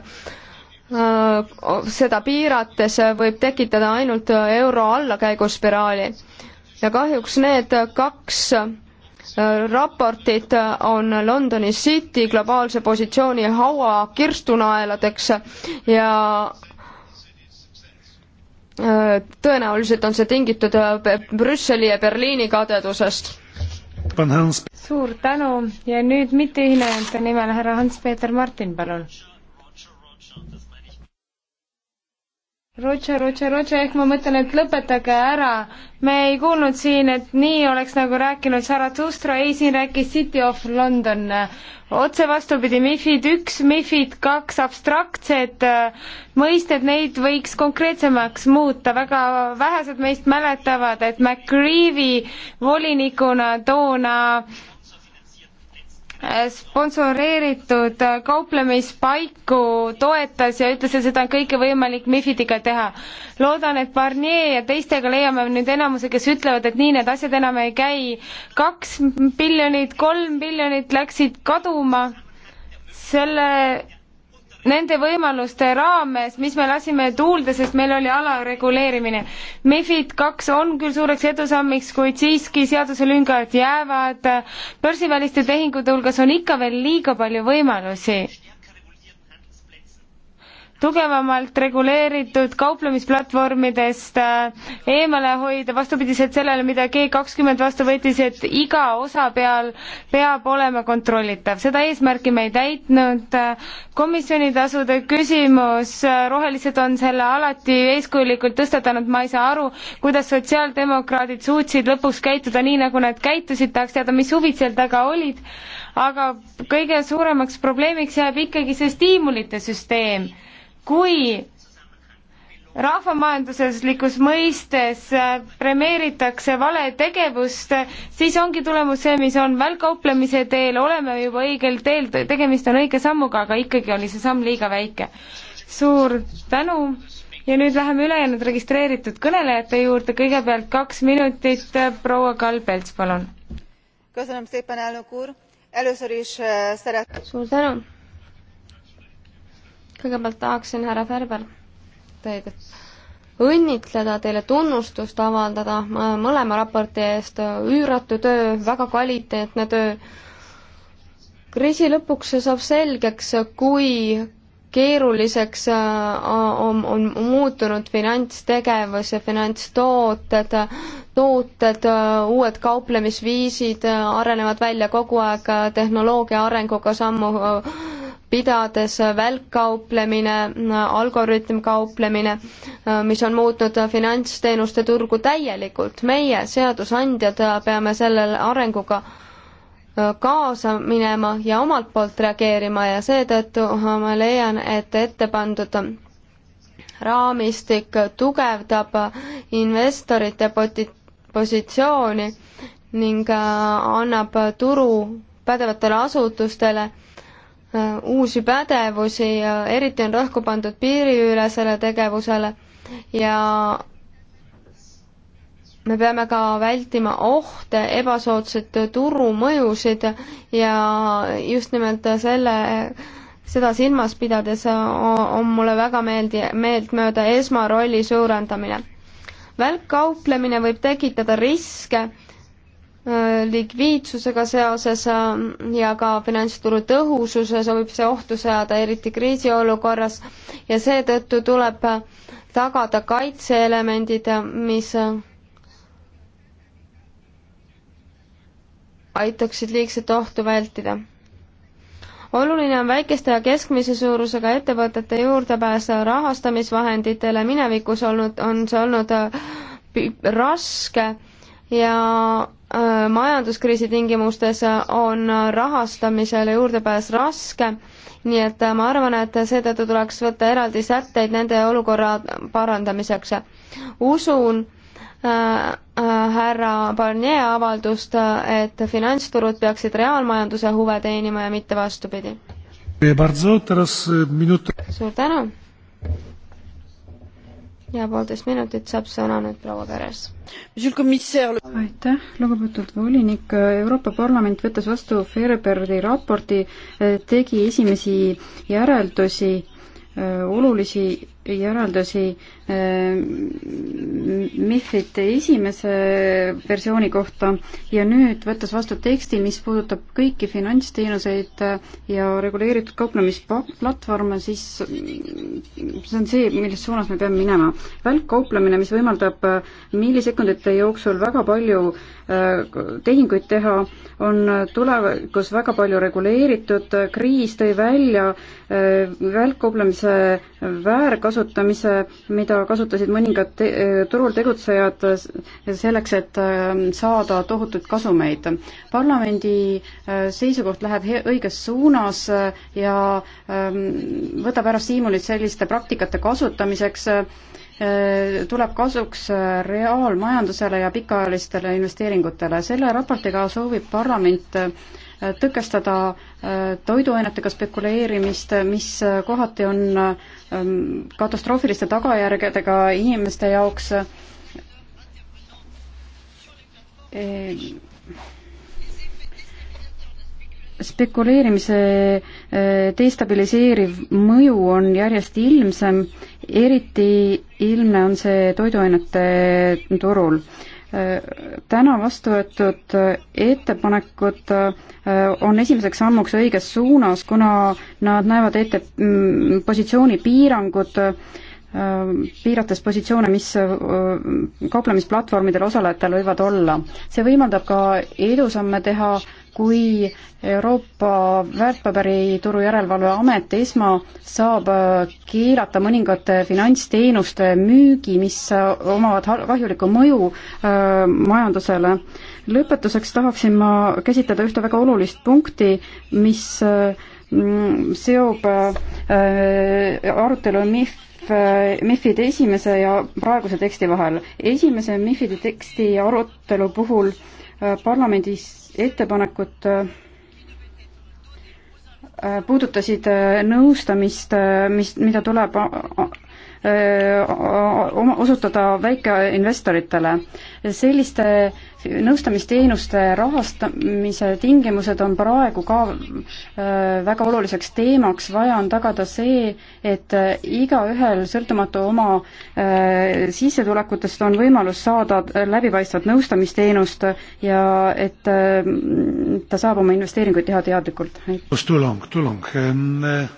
seda piirates võib tekitada ainult euro allakäiguspiraali. ja kahjuks need kaks raportid on Londoni City globaalse positsiooni haua kirstunaeladeks ja äh, tõenäoliselt on see tingitud äh, Brüsseli ja Berliini kadedusest. suur tänu ja nüüd mitteühinenute nimel härra Hans-Peeter Martin, palun Roger, Roger, Roger, ehk ma mõtlen, et lõpetage ära. me ei kuulnud siin, et nii oleks nagu rääkinud Zarathustra, ei, siin rääkis City of London. otse vastupidi, MIFID üks, MIFID kaks, abstraktsed äh, mõisted, neid võiks konkreetsemaks muuta, väga vähesed meist mäletavad, et MacRivi volinikuna toona äh, sponsoreeritud kauplemispaiku toetas ja ütles, et seda on kõike võimalik Mifidiga teha. loodan, et Barnier ja teistega leiame nüüd enamuse, kes ütlevad, et nii need asjad enam ei käi. kaks miljonit, kolm miljonit läksid kaduma selle nende võimaluste raames, mis me lasime tuulde, sest meil oli alareguleerimine. MIFID kaks on küll suureks edusammiks, kuid siiski seaduselüngad jäävad. börsiväliste tehingute hulgas on ikka veel liiga palju võimalusi tugevamalt reguleeritud kauplemisplatvormidest äh, eemale hoida, vastupidiselt sellele, mida G kakskümmend vastu võttis, et iga osa peal peab olema kontrollitav. seda eesmärki me ei täitnud. komisjonitasude küsimus, äh, rohelised on selle alati eeskujulikult tõstatanud, ma ei saa aru, kuidas sotsiaaldemokraadid suutsid lõpuks käituda nii, nagu nad käitusid, tahaks teada, mis huvid seal taga olid, aga kõige suuremaks probleemiks jääb ikkagi see stiimulite süsteem kui rahvamajanduslikus mõistes premeeritakse valetegevust, siis ongi tulemus see, mis on välkkauplemise teel, oleme juba õigel teel, tegemist on õige sammuga, aga ikkagi oli see samm liiga väike. suur tänu ja nüüd läheme ülejäänud registreeritud kõnelejate juurde, kõigepealt kaks minutit, proua Kalbelts, palun. Eh, suur tänu kõigepealt tahaksin, härra Ferber, teid õnnitleda, teile tunnustust avaldada mõlema raporti eest, üüratu töö, väga kvaliteetne töö. kriisi lõpuks saab selgeks, kui keeruliseks äh, on, on muutunud finantstegevus ja finantstooted, tooted, äh, uued kauplemisviisid äh, arenevad välja kogu aeg tehnoloogia arenguga sammu pidades äh, välkkauplemine, äh, algoritmkauplemine, äh, mis on muutnud finantsteenuste turgu täielikult. meie, seadusandjad, peame sellele arenguga kaasa minema ja omalt poolt reageerima ja seetõttu ma leian, et ette pandud raamistik tugevdab investorite positsiooni ning annab turu pädevatele asutustele Äh, uusi pädevusi ja eriti on rõhku pandud piiriülesele tegevusele ja me peame ka vältima ohte, ebasoodsaid turumõjusid ja just nimelt selle, seda silmas pidades on mulle väga meeldi-, meeltmööda esmarolli suurendamine. välkkauplemine võib tekitada riske Äh, likviidsusega seoses äh, ja ka finantsturu tõhususes võib see ohtu seada, eriti kriisiolukorras, ja seetõttu tuleb äh, tagada kaitseelemendid, mis aitaksid liigset ohtu vältida. oluline on väikeste ja keskmise suurusega ettevõtete juurdepääs rahastamisvahenditele, minevikus olnud, on see olnud raske ja äh, majanduskriisi tingimustes on rahastamisele juurdepääs raske, nii et äh, ma arvan, et seetõttu tuleks võtta eraldi sätteid nende olukorra parandamiseks. usun äh, äh härra Barnier avaldust, et finantsturud peaksid reaalmajanduse huve teenima ja mitte vastupidi. E, suur tänu! ja poolteist minutit saab sõna nüüd proua Peres. aitäh, lugupeetud volinik, Euroopa Parlament võttes vastu Ferbergi raporti, eh, tegi esimesi järeldusi eh, olulisi järeldusi ehm, Mifid esimese versiooni kohta ja nüüd võttes vastu teksti, mis puudutab kõiki finantsteenuseid ja reguleeritud kauplemisplatvorme, siis see on see, milles suunas me peame minema. välkkauplemine, mis võimaldab millisekundite jooksul väga palju ehm, tehinguid teha, on tulevikus väga palju reguleeritud, kriis tõi välja ehm, välkkauplemise väärkasutuse, kasutamise, mida kasutasid mõningad te turul tegutsejad selleks, et ähm, saada tohutuid kasumeid. parlamendi äh, seisukoht läheb õiges suunas äh, ja ähm, võtab ära stiimulid selliste praktikate kasutamiseks äh, tuleb kasuks reaalmajandusele ja pikaajalistele investeeringutele. selle raportiga soovib parlament tõkestada äh, toiduainetega spekuleerimist, mis kohati on ähm, katastroofiliste tagajärgedega inimeste jaoks äh, spekuleerimise äh, destabiliseeriv mõju on järjest ilmsem, eriti ilmne on see toiduainete turul täna vastu võetud ettepanekud äh, on esimeseks sammuks õiges suunas, kuna nad näevad ette mm, positsioonipiirangud, äh, piirates positsioone, mis äh, kauplemisplatvormidel osalejatel võivad olla. see võimaldab ka edusamme teha äh, kui Euroopa väärtpaberituru järelevalve amet ESMA saab äh, keelata mõningate finantsteenuste müügi, mis äh, omavad kahjulikku mõju öö, äh, majandusele. lõpetuseks tahaksin ma käsitleda ühte väga olulist punkti, mis öö, mm, seob öö, arutelu MIF MIFID esimese ja praeguse teksti vahel. esimese MIFID-i teksti arutelu puhul parlamendis ettepanekud äh, äh, puudutasid äh, nõustamist, mis, mida tuleb osutada väikeinvestoritele. selliste nõustamisteenuste rahastamise tingimused on praegu ka väga oluliseks teemaks, vaja on tagada see, et igaühel, sõltumata oma sissetulekutest, on võimalus saada läbipaistvat nõustamisteenust ja et ta saab oma investeeringuid teha teadlikult. tulong, tulong ähm,.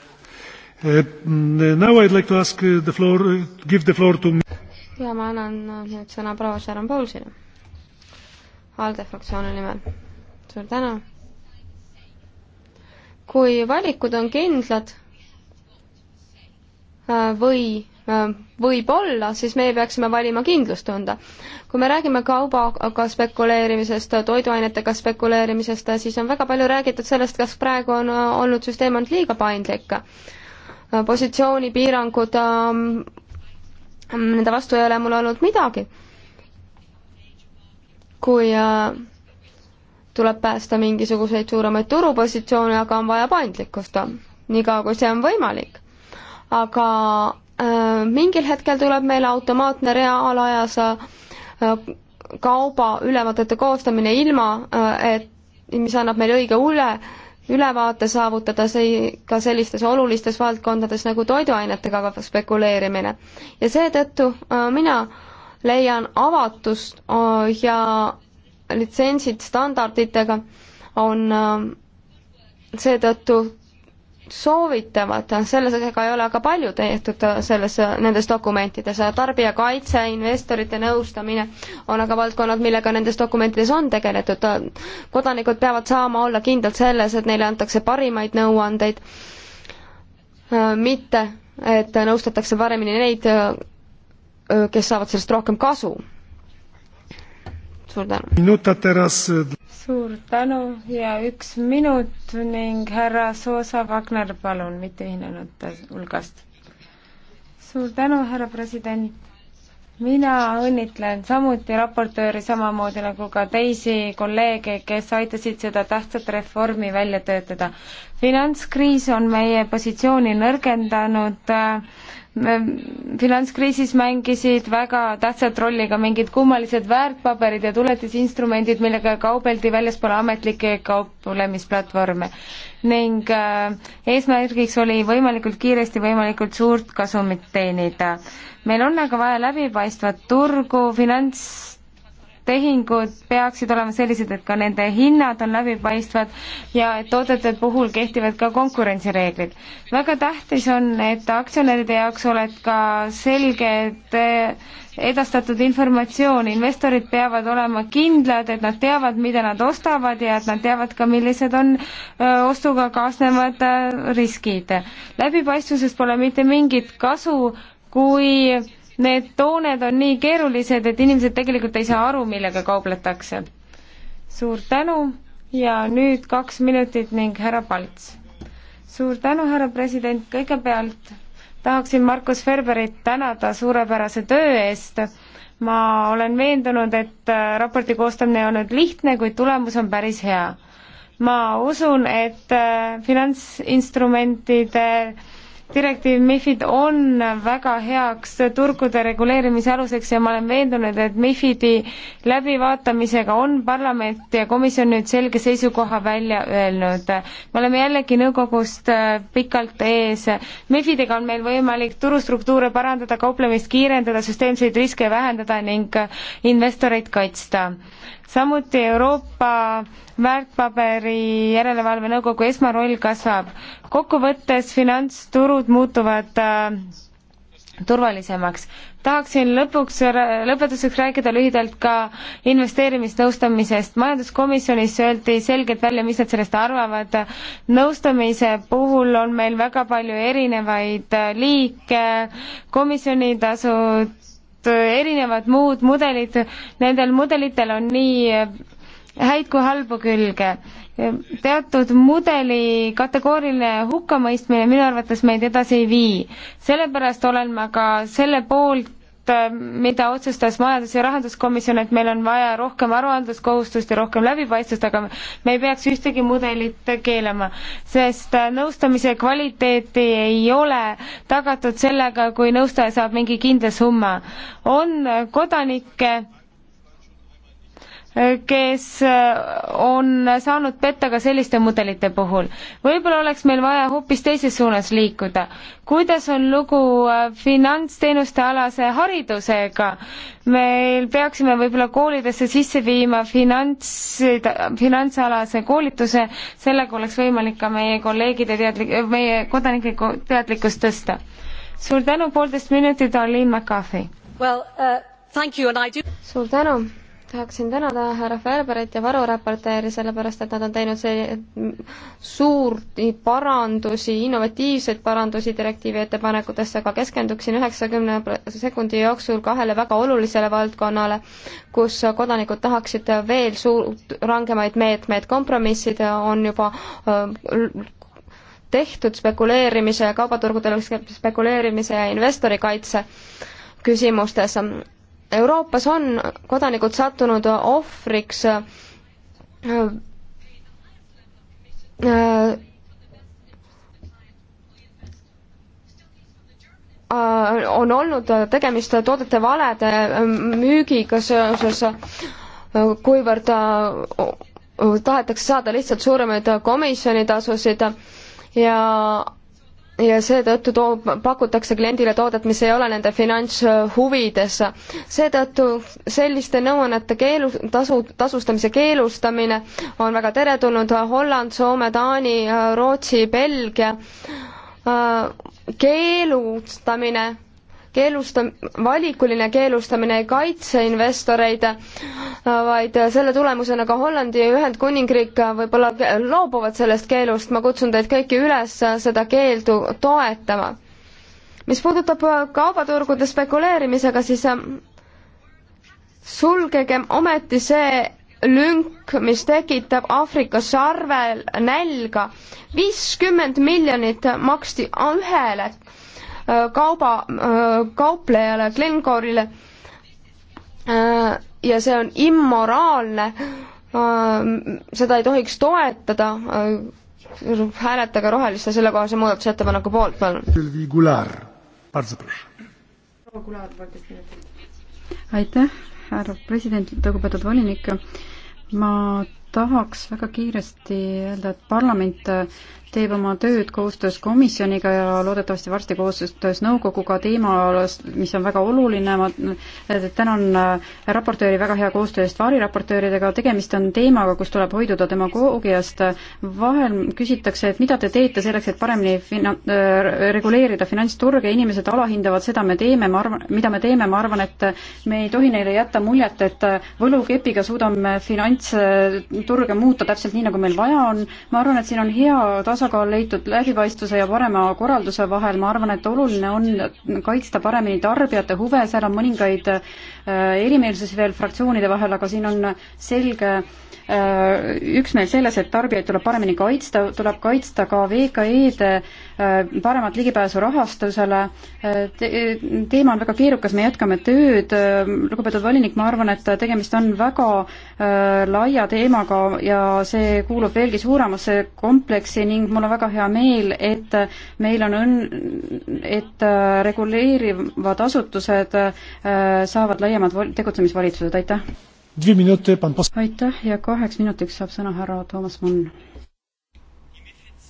Uh, now I'd like to ask uh, the floor, uh, give the floor to ja ma annan uh, nüüd sõna proua Sharon Bowlesile, ALDE fraktsiooni nimel. suur tänu! kui valikud on kindlad äh, või äh, võib-olla, siis meie peaksime valima kindlustunde. kui me räägime kaubaga spekuleerimisest, toiduainetega spekuleerimisest, siis on väga palju räägitud sellest, kas praegu on äh, olnud süsteem olnud liiga paindlik positsioonipiirangud, ähm, nende vastu ei ole mul olnud midagi. kui äh, tuleb päästa mingisuguseid suuremaid turupositsioone, aga on vaja paindlikkust, niikaua kui see on võimalik. aga äh, mingil hetkel tuleb meile automaatne reaalajas äh, kauba ülevaadete koostamine ilma, et mis annab meile õige ule, ülevaate saavutada see ka sellistes olulistes valdkondades nagu toiduainetega spekuleerimine. ja seetõttu äh, mina leian avatust äh, ja litsentsid standarditega on äh, seetõttu soovitavad, sellega ei ole aga palju tehtud selles, nendes dokumentides, tarbijakaitse, investorite nõustamine on aga valdkonnad, millega nendes dokumentides on tegeletud. kodanikud peavad saama olla kindlad selles, et neile antakse parimaid nõuandeid, mitte et nõustatakse paremini neid, kes saavad sellest rohkem kasu. suur tänu suur tänu ja üks minut ning härra Soosa Wagner, palun, mitteühinenute hulgast. suur tänu, härra president. mina õnnitlen samuti raportööri samamoodi nagu ka teisi kolleege, kes aitasid seda tähtsat reformi välja töötada finantskriis on meie positsiooni nõrgendanud, finantskriisis mängisid väga tähtsat rolli ka mingid kummalised väärtpaberid ja tuletisinstrumendid, millega kaubeldi väljaspool ametlikke kauplemisplatvorme. ning äh, eesmärgiks oli võimalikult kiiresti võimalikult suurt kasumit teenida. meil on aga vaja läbipaistvat turgu, finants tehingud peaksid olema sellised, et ka nende hinnad on läbipaistvad ja et toodete puhul kehtivad ka konkurentsireeglid. väga tähtis on, et aktsionäride jaoks oled ka selged eh, edastatud informatsioon, investorid peavad olema kindlad, et nad teavad, mida nad ostavad ja et nad teavad ka, millised on eh, ostuga kaasnevad eh, riskid. läbipaistvusest pole mitte mingit kasu, kui Need tooned on nii keerulised, et inimesed tegelikult ei saa aru, millega kaubletakse. suur tänu ja nüüd kaks minutit ning härra Palts. suur tänu, härra president, kõigepealt tahaksin Markus Ferberit tänada suurepärase töö eest. ma olen veendunud, et äh, raporti koostamine ei olnud lihtne, kuid tulemus on päris hea. ma usun, et äh, finantsinstrumentide direktiiv MIFID on väga heaks turgude reguleerimise aluseks ja ma olen veendunud, et MIFIDi läbivaatamisega on parlament ja komisjon nüüd selge seisukoha välja öelnud. me oleme jällegi nõukogust äh, pikalt ees. MIFIDiga on meil võimalik turustruktuure parandada, kauplemist kiirendada, süsteemseid riske vähendada ning äh, investoreid kaitsta samuti Euroopa väärtpaberi järelevalve nõukogu esmaroll kasvab kokkuvõttes finantsturud muutuvad äh, turvalisemaks. tahaksin lõpuks, lõpetuseks rääkida lühidalt ka investeerimisnõustamisest. majanduskomisjonis öeldi selgelt välja, mis nad sellest arvavad. nõustamise puhul on meil väga palju erinevaid äh, liike, komisjonitasud, äh, erinevad muud mudelid, nendel mudelitel on nii häid kui halbu külge. teatud mudeli kategooriline hukkamõistmine minu arvates meid edasi ei vii. sellepärast olen ma ka selle poolt, mida otsustas Majandus- ja Rahanduskomisjon, et meil on vaja rohkem aruandluskohustust ja rohkem läbipaistvust, aga me ei peaks ühtegi mudelit keelama, sest nõustamise kvaliteeti ei ole tagatud sellega, kui nõustaja saab mingi kindla summa. on kodanikke, kes äh, on saanud petta ka selliste mudelite puhul. võib-olla oleks meil vaja hoopis teises suunas liikuda. kuidas on lugu äh, finantsteenuste alase haridusega? meil peaksime võib-olla koolidesse sisse viima finants, finantsalase koolituse, sellega oleks võimalik ka meie kolleegide teadlik-, meie kodanike teadlikkust tõsta. suur tänu, poolteist minutit, Arlene McCarthy well,. Uh, suur tänu tahaksin tänada härra Ferberit ja varuraportööri, sellepärast et nad on teinud see suuri parandusi, innovatiivseid parandusi direktiivi ettepanekutesse, aga keskenduksin üheksakümne sekundi jooksul kahele väga olulisele valdkonnale, kus kodanikud tahaksid veel suurt, rangemaid meetmeid, kompromissid on juba tehtud spekuleerimise ja kaubaturgudel spekuleerimise ja investori kaitse küsimustes Euroopas on kodanikud sattunud ohvriks äh, äh, on olnud tegemist toodete valede müügiga seoses, kuivõrd äh, tahetakse saada lihtsalt suuremaid komisjonitasusid ja ja seetõttu toob, pakutakse kliendile toodet, mis ei ole nende finantshuvides. seetõttu selliste nõuannete keelu, tasu, tasustamise keelustamine on väga teretulnud Holland, Soome, Taani, Rootsi, Belgia äh, keelustamine keelustam-, valikuline keelustamine ei kaitse investoreid, vaid selle tulemusena ka Hollandi ja Ühendkuningriik võib-olla loobuvad sellest keelust, ma kutsun teid kõiki üles seda keeldu toetama. mis puudutab kaubaturgude spekuleerimisega, siis ähm, sulgegem ometi see lünk, mis tekitab Aafrika sarvel nälga. viiskümmend miljonit maksti ühele Äh, kauba, äh, kauplejale Glencore'ile äh, ja see on immoraalne, seda ei tohiks toetada, hääletage roheliste sellekohase muudatusettepaneku poolt, palun. Sylvie Goulart, aitäh, härra president, lugupeetud volinik, ma tahaks väga kiiresti öelda, et parlament teeb oma tööd koostöös komisjoniga ja loodetavasti varsti koostöös nõukoguga teemal, mis on väga oluline, ma tänan äh, raportööri väga hea koostöö eest variraportööridega, tegemist on teemaga, kus tuleb hoiduda demagoogiast, vahel küsitakse, et mida te teete selleks, et paremini fina-, äh, reguleerida finantsturge, inimesed alahindavad seda, me teeme, ma arvan, mida me teeme, ma arvan, et me ei tohi neile jätta muljet, et äh, võlukepiga suudame finantsturge muuta täpselt nii, nagu meil vaja on, ma arvan, et siin on hea tase tasakaal leitud läbipaistvuse ja parema korralduse vahel, ma arvan, et oluline on kaitsta paremini tarbijate huve, seal on mõningaid Äh, erimeelsusi veel fraktsioonide vahel, aga siin on selge äh, üksmeel selles, et tarbijaid tuleb paremini kaitsta, tuleb kaitsta ka VKE-de äh, paremat ligipääsu rahastusele. teema on väga keerukas, me jätkame tööd. lugupeetud volinik, ma arvan, et tegemist on väga laia teemaga ja see kuulub veelgi suuremasse kompleksi ning mul on väga hea meel, et meil on õnn, et reguleerivad asutused saavad laiemalt laiemad tegutsemisvolitused, aitäh! aitäh ja kaheks minutiks saab sõna härra Toomas Mann.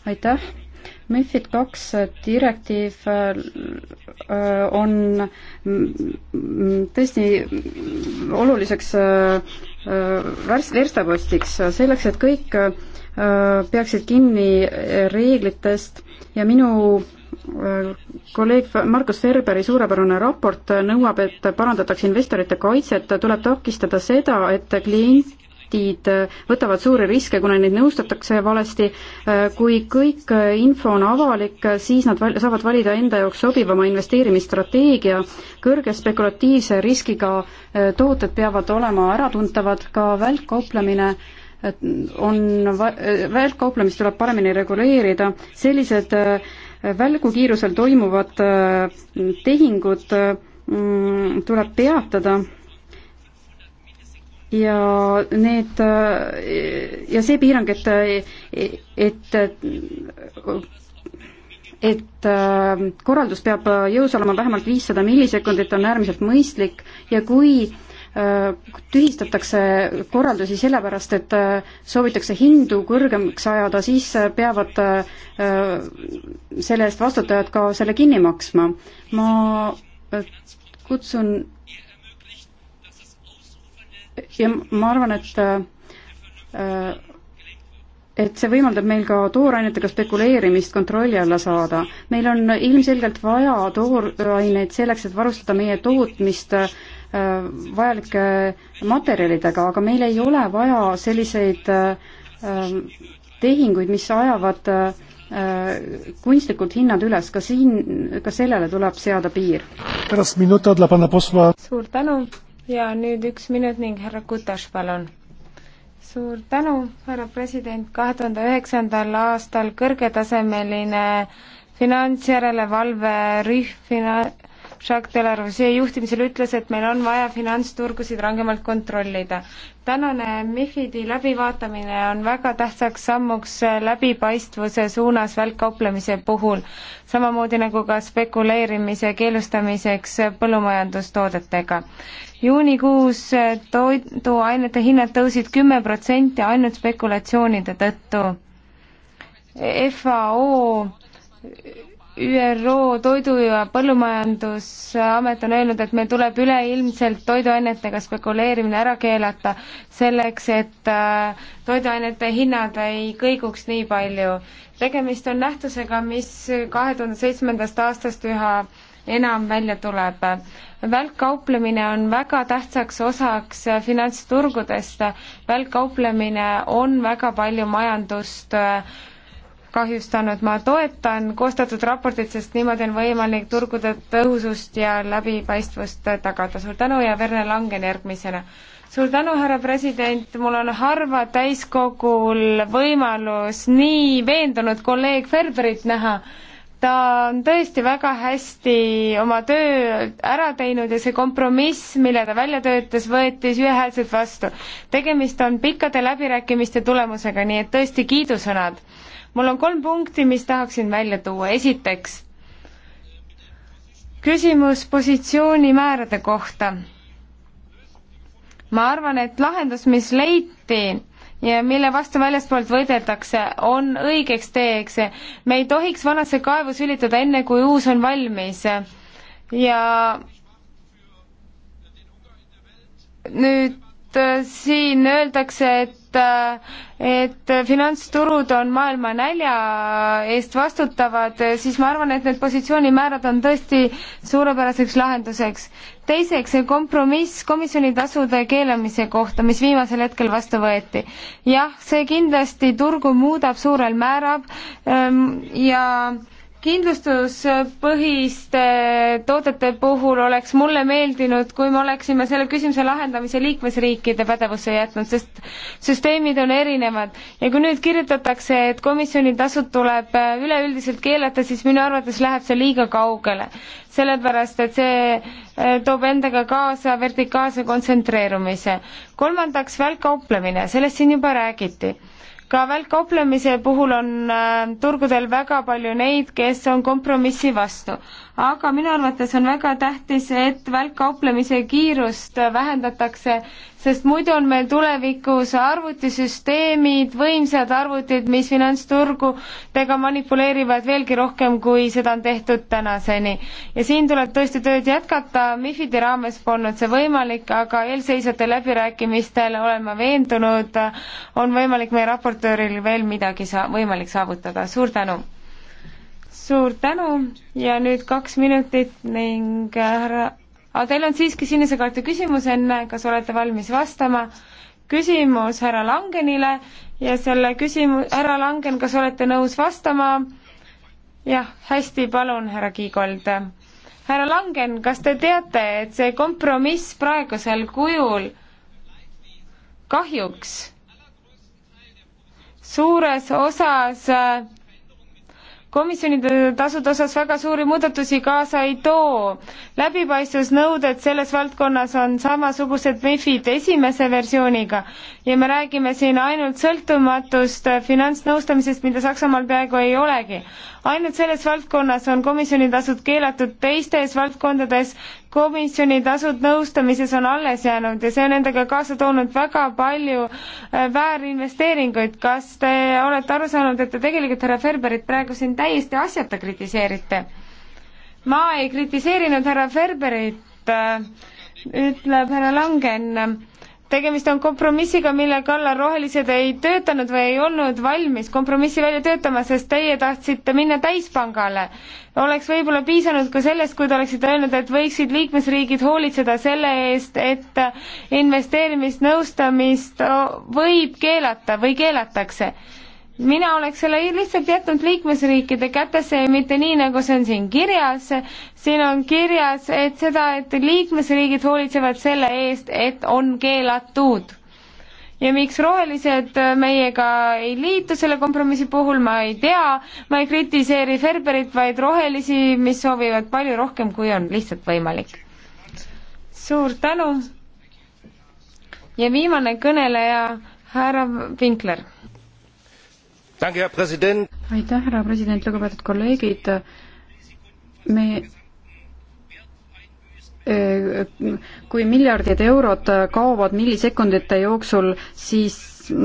aitäh! MIFID kaks direktiiv äh, on mm, mm, tõesti oluliseks äh, verstapostiks selleks, et kõik äh, peaksid kinni reeglitest ja minu kolleeg Markus Ferberi suurepärane raport nõuab, et parandatakse investorite kaitset, tuleb takistada seda, et klientid võtavad suuri riske, kuna neid nõustatakse valesti. kui kõik info on avalik, siis nad val saavad valida enda jaoks sobivama investeerimisstrateegia. kõrge spekulatiivse riskiga eh, tooted peavad olema äratuntavad, ka välkkauplemine eh, on, eh, välkkauplemist tuleb paremini reguleerida, sellised äh, välgukiirusel toimuvad äh, tehingud mm, tuleb peatada ja need äh, ja see piirang, et, äh, et et korraldus peab jõus olema vähemalt viissada millisekundit, on äärmiselt mõistlik ja kui Äh, tühistatakse korraldusi sellepärast, et äh, soovitakse hindu kõrgemaks ajada, siis äh, peavad selle eest vastutajad ka selle kinni maksma. ma kutsun ja ma arvan, et et see võimaldab meil ka toorainetega spekuleerimist kontrolli alla saada. meil on ilmselgelt vaja tooraineid selleks, et varustada meie tootmist Äh, vajalike materjalidega, aga meil ei ole vaja selliseid äh, tehinguid, mis ajavad äh, kunstlikult hinnad üles, ka siin, ka sellele tuleb seada piir. suur tänu ja nüüd üks minut ning härra Kutas, palun. suur tänu, härra president, kahe tuhande üheksandal aastal kõrgetasemeline finantsjärelevalverühm fina-, Jacques Delarosier juhtimisel ütles, et meil on vaja finantsturgusid rangemalt kontrollida. tänane MIFID-i läbivaatamine on väga tähtsaks sammuks läbipaistvuse suunas välkkauplemise puhul, samamoodi nagu ka spekuleerimise keelustamiseks põllumajandustoodetega juunikuus toiduainete hinnad tõusid kümme protsenti ainult spekulatsioonide tõttu. FAO ÜRO Toidu- ja Põllumajandusamet on öelnud, et meil tuleb üleilmselt toiduainetega spekuleerimine ära keelata, selleks et äh, toiduainete hinnad ei kõiguks nii palju. tegemist on nähtusega, mis kahe tuhande seitsmendast aastast üha enam välja tuleb. välkkauplemine on väga tähtsaks osaks finantsturgudest, välkkauplemine on väga palju majandust äh, kahjustanud. ma toetan koostatud raportit, sest niimoodi on võimalik turgude tõhusust ja läbipaistvust tagada. suur tänu ja Verne Langen järgmisena. suur tänu, härra president, mul on harva täiskogul võimalus nii veendunud kolleeg Ferberit näha ta on tõesti väga hästi oma töö ära teinud ja see kompromiss, mille ta välja töötas, võetis ühehäälselt vastu. tegemist on pikkade läbirääkimiste tulemusega, nii et tõesti kiidusõnad mul on kolm punkti, mis tahaksin välja tuua, esiteks küsimus positsioonimäärade kohta. ma arvan, et lahendus, mis leiti ja mille vastu väljaspoolt võideldakse, on õigeks teeks. me ei tohiks vanasse kaevu sülitada enne, kui uus on valmis. ja nüüd Äh, siin öeldakse, et, äh, et finantsturud on maailma nälja eest vastutavad, siis ma arvan, et need positsioonimäärad on tõesti suurepäraseks lahenduseks. teiseks, see kompromiss komisjoni tasude keelamise kohta, mis viimasel hetkel vastu võeti. jah, see kindlasti turgu muudab suurel määral ähm, ja kindlustuspõhiste toodete puhul oleks mulle meeldinud, kui me oleksime selle küsimuse lahendamise liikmesriikide pädevusse jätnud, sest süsteemid on erinevad. ja kui nüüd kirjutatakse, et komisjoni tasud tuleb üleüldiselt keelata, siis minu arvates läheb see liiga kaugele. sellepärast, et see eh, toob endaga kaasa vertikaalse kontsentreerumise. kolmandaks, välkkauplemine, sellest siin juba räägiti ka välkkauplemise puhul on äh, turgudel väga palju neid, kes on kompromissi vastu aga minu arvates on väga tähtis, et välkkauplemise kiirust vähendatakse, sest muidu on meil tulevikus arvutisüsteemid, võimsad arvutid, mis finantsturgudega manipuleerivad veelgi rohkem, kui seda on tehtud tänaseni. ja siin tuleb tõesti tööd jätkata, MIFID-i raames polnud see võimalik, aga eelseisvatel läbirääkimistel olen ma veendunud, on võimalik meie raportööril veel midagi saa-, võimalik saavutada, suur tänu! suur tänu ja nüüd kaks minutit ning äh, härra, aga teil on siiski sinise kaarte küsimus enne, kas olete valmis vastama? küsimus härra Langenile ja selle küsimus, härra Langen, kas olete nõus vastama? jah, hästi, palun, härra Kiigold. härra Langen, kas te teate, et see kompromiss praegusel kujul kahjuks suures osas äh, komisjonide tasude osas väga suuri muudatusi kaasa ei too. läbipaistvusnõuded selles valdkonnas on samasugused MEF-id esimese versiooniga ja me räägime siin ainult sõltumatust äh, finantsnõustamisest, mida Saksamaal peaaegu ei olegi. ainult selles valdkonnas on komisjonitasud keelatud, teistes valdkondades komisjonitasud nõustamises on alles jäänud ja see on endaga kaasa toonud väga palju äh, väärinvesteeringuid. kas te olete aru saanud, et te tegelikult härra Ferberit praegu siin täiesti asjata kritiseerite? ma ei kritiseerinud härra Ferberit, äh, ütleb härra Langen tegemist on kompromissiga, mille kallal rohelised ei töötanud või ei olnud valmis kompromissi välja töötama, sest teie tahtsite minna täispangale. oleks võib-olla piisanud ka sellest, kui te oleksite öelnud, et võiksid liikmesriigid hoolitseda selle eest, et investeerimisnõustamist võib keelata või keelatakse mina oleks selle lihtsalt jätnud liikmesriikide kätesse ja mitte nii, nagu see on siin kirjas. siin on kirjas, et seda, et liikmesriigid hoolitsevad selle eest, et on keelatud. ja miks rohelised meiega ei liitu selle kompromissi puhul, ma ei tea, ma ei kritiseeri Ferberit, vaid rohelisi, mis soovivad palju rohkem, kui on lihtsalt võimalik. suur tänu ja viimane kõneleja, härra Vinkler aitäh, härra president, lugupeetud kolleegid, me eh, kui miljardid eurod kaovad millisekundite jooksul, siis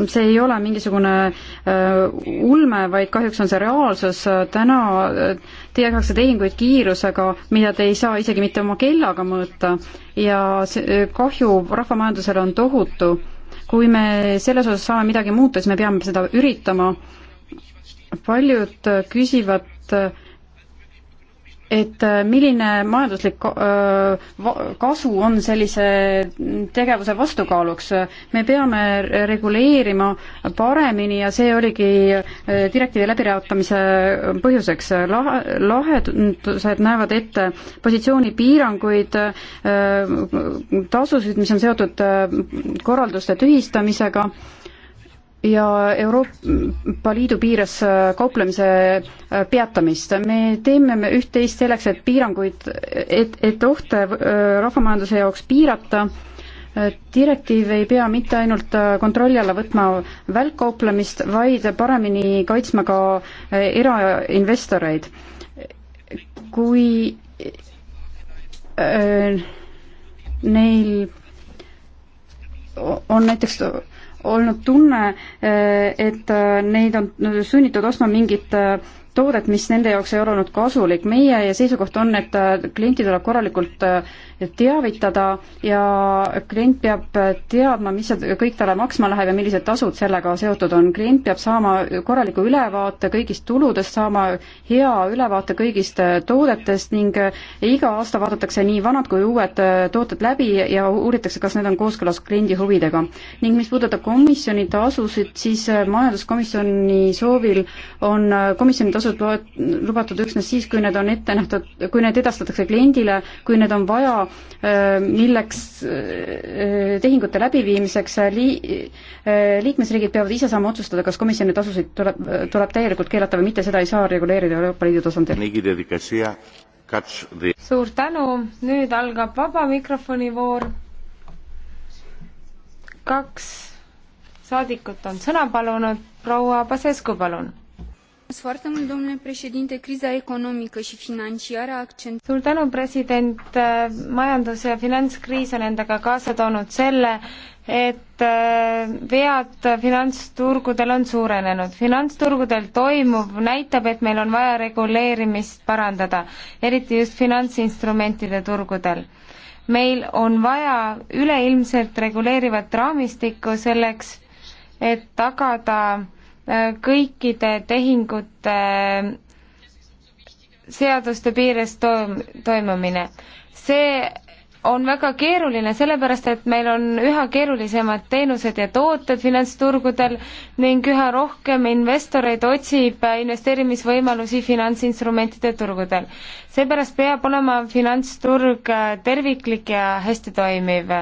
see ei ole mingisugune eh, ulme, vaid kahjuks on see reaalsus. täna eh, tehakse tehinguid kiirusega, mida te ei saa isegi mitte oma kellaga mõõta ja see kahju rahvamajandusele on tohutu. kui me selles osas saame midagi muuta, siis me peame seda üritama paljud äh, küsivad, äh, et äh, milline majanduslik kasu on sellise tegevuse vastukaaluks. me peame reguleerima paremini ja see oligi direktiivi läbirääkimise põhjuseks. lahe, lahendused näevad ette positsioonipiiranguid, tasusid, mis on seotud korralduste tühistamisega ja Euroopa Liidu piires äh, kauplemise äh, peatamist. me teeme üht-teist selleks, et piiranguid, et, et ohte äh, rahvamajanduse jaoks piirata, direktiiv ei pea mitte ainult kontrolli alla võtma välkkauplemist, vaid paremini kaitsma ka erainvestoreid. kui neil on näiteks olnud tunne, eh, et eh, neid on sunnitud ostma mingit eh, toodet, mis nende jaoks ei ole olnud kasulik. meie seisukoht on, et klienti tuleb korralikult äh, teavitada ja klient peab teadma, mis see kõik talle maksma läheb ja millised tasud sellega seotud on. klient peab saama korraliku ülevaate kõigist tuludest, saama hea ülevaate kõigist äh, toodetest ning äh, iga aasta vaadatakse nii vanad kui uued äh, tooted läbi ja uuritakse, kas need on kooskõlas kliendi huvidega. ning mis puudutab komisjoni tasusid, siis majanduskomisjoni soovil on komisjoni tasud loet-, lubatud üksnes siis, kui need on ette nähtud, kui need edastatakse kliendile, kui need on vaja Äh, milleks äh, tehingute läbiviimiseks äh, lii-, liikmesriigid peavad ise saama otsustada, kas komisjoni tasusid tuleb, tuleb täielikult keelata või mitte, seda ei saa reguleerida Euroopa Liidu tasandil. suur tänu, nüüd algab vaba mikrofoni voor. kaks saadikut on sõna palunud, proua Pasescu, palun criza economică i financiară a accentuat majandus ja finantskriis on endaga kaasa toonud selle et äh, vead finantsturgudel on suurenenud. finantsturgudel toimuv näitab, et meil on vaja reguleerimist parandada, eriti just finantsinstrumentide turgudel. meil on vaja üleilmselt reguleerivat raamistikku selleks, et tagada kõikide tehingute seaduste piires toim-, toimumine. see on väga keeruline, sellepärast et meil on üha keerulisemad teenused ja tooted finantsturgudel ning üha rohkem investoreid otsib investeerimisvõimalusi finantsinstrumentide turgudel. seepärast peab olema finantsturg terviklik ja hästi toimiv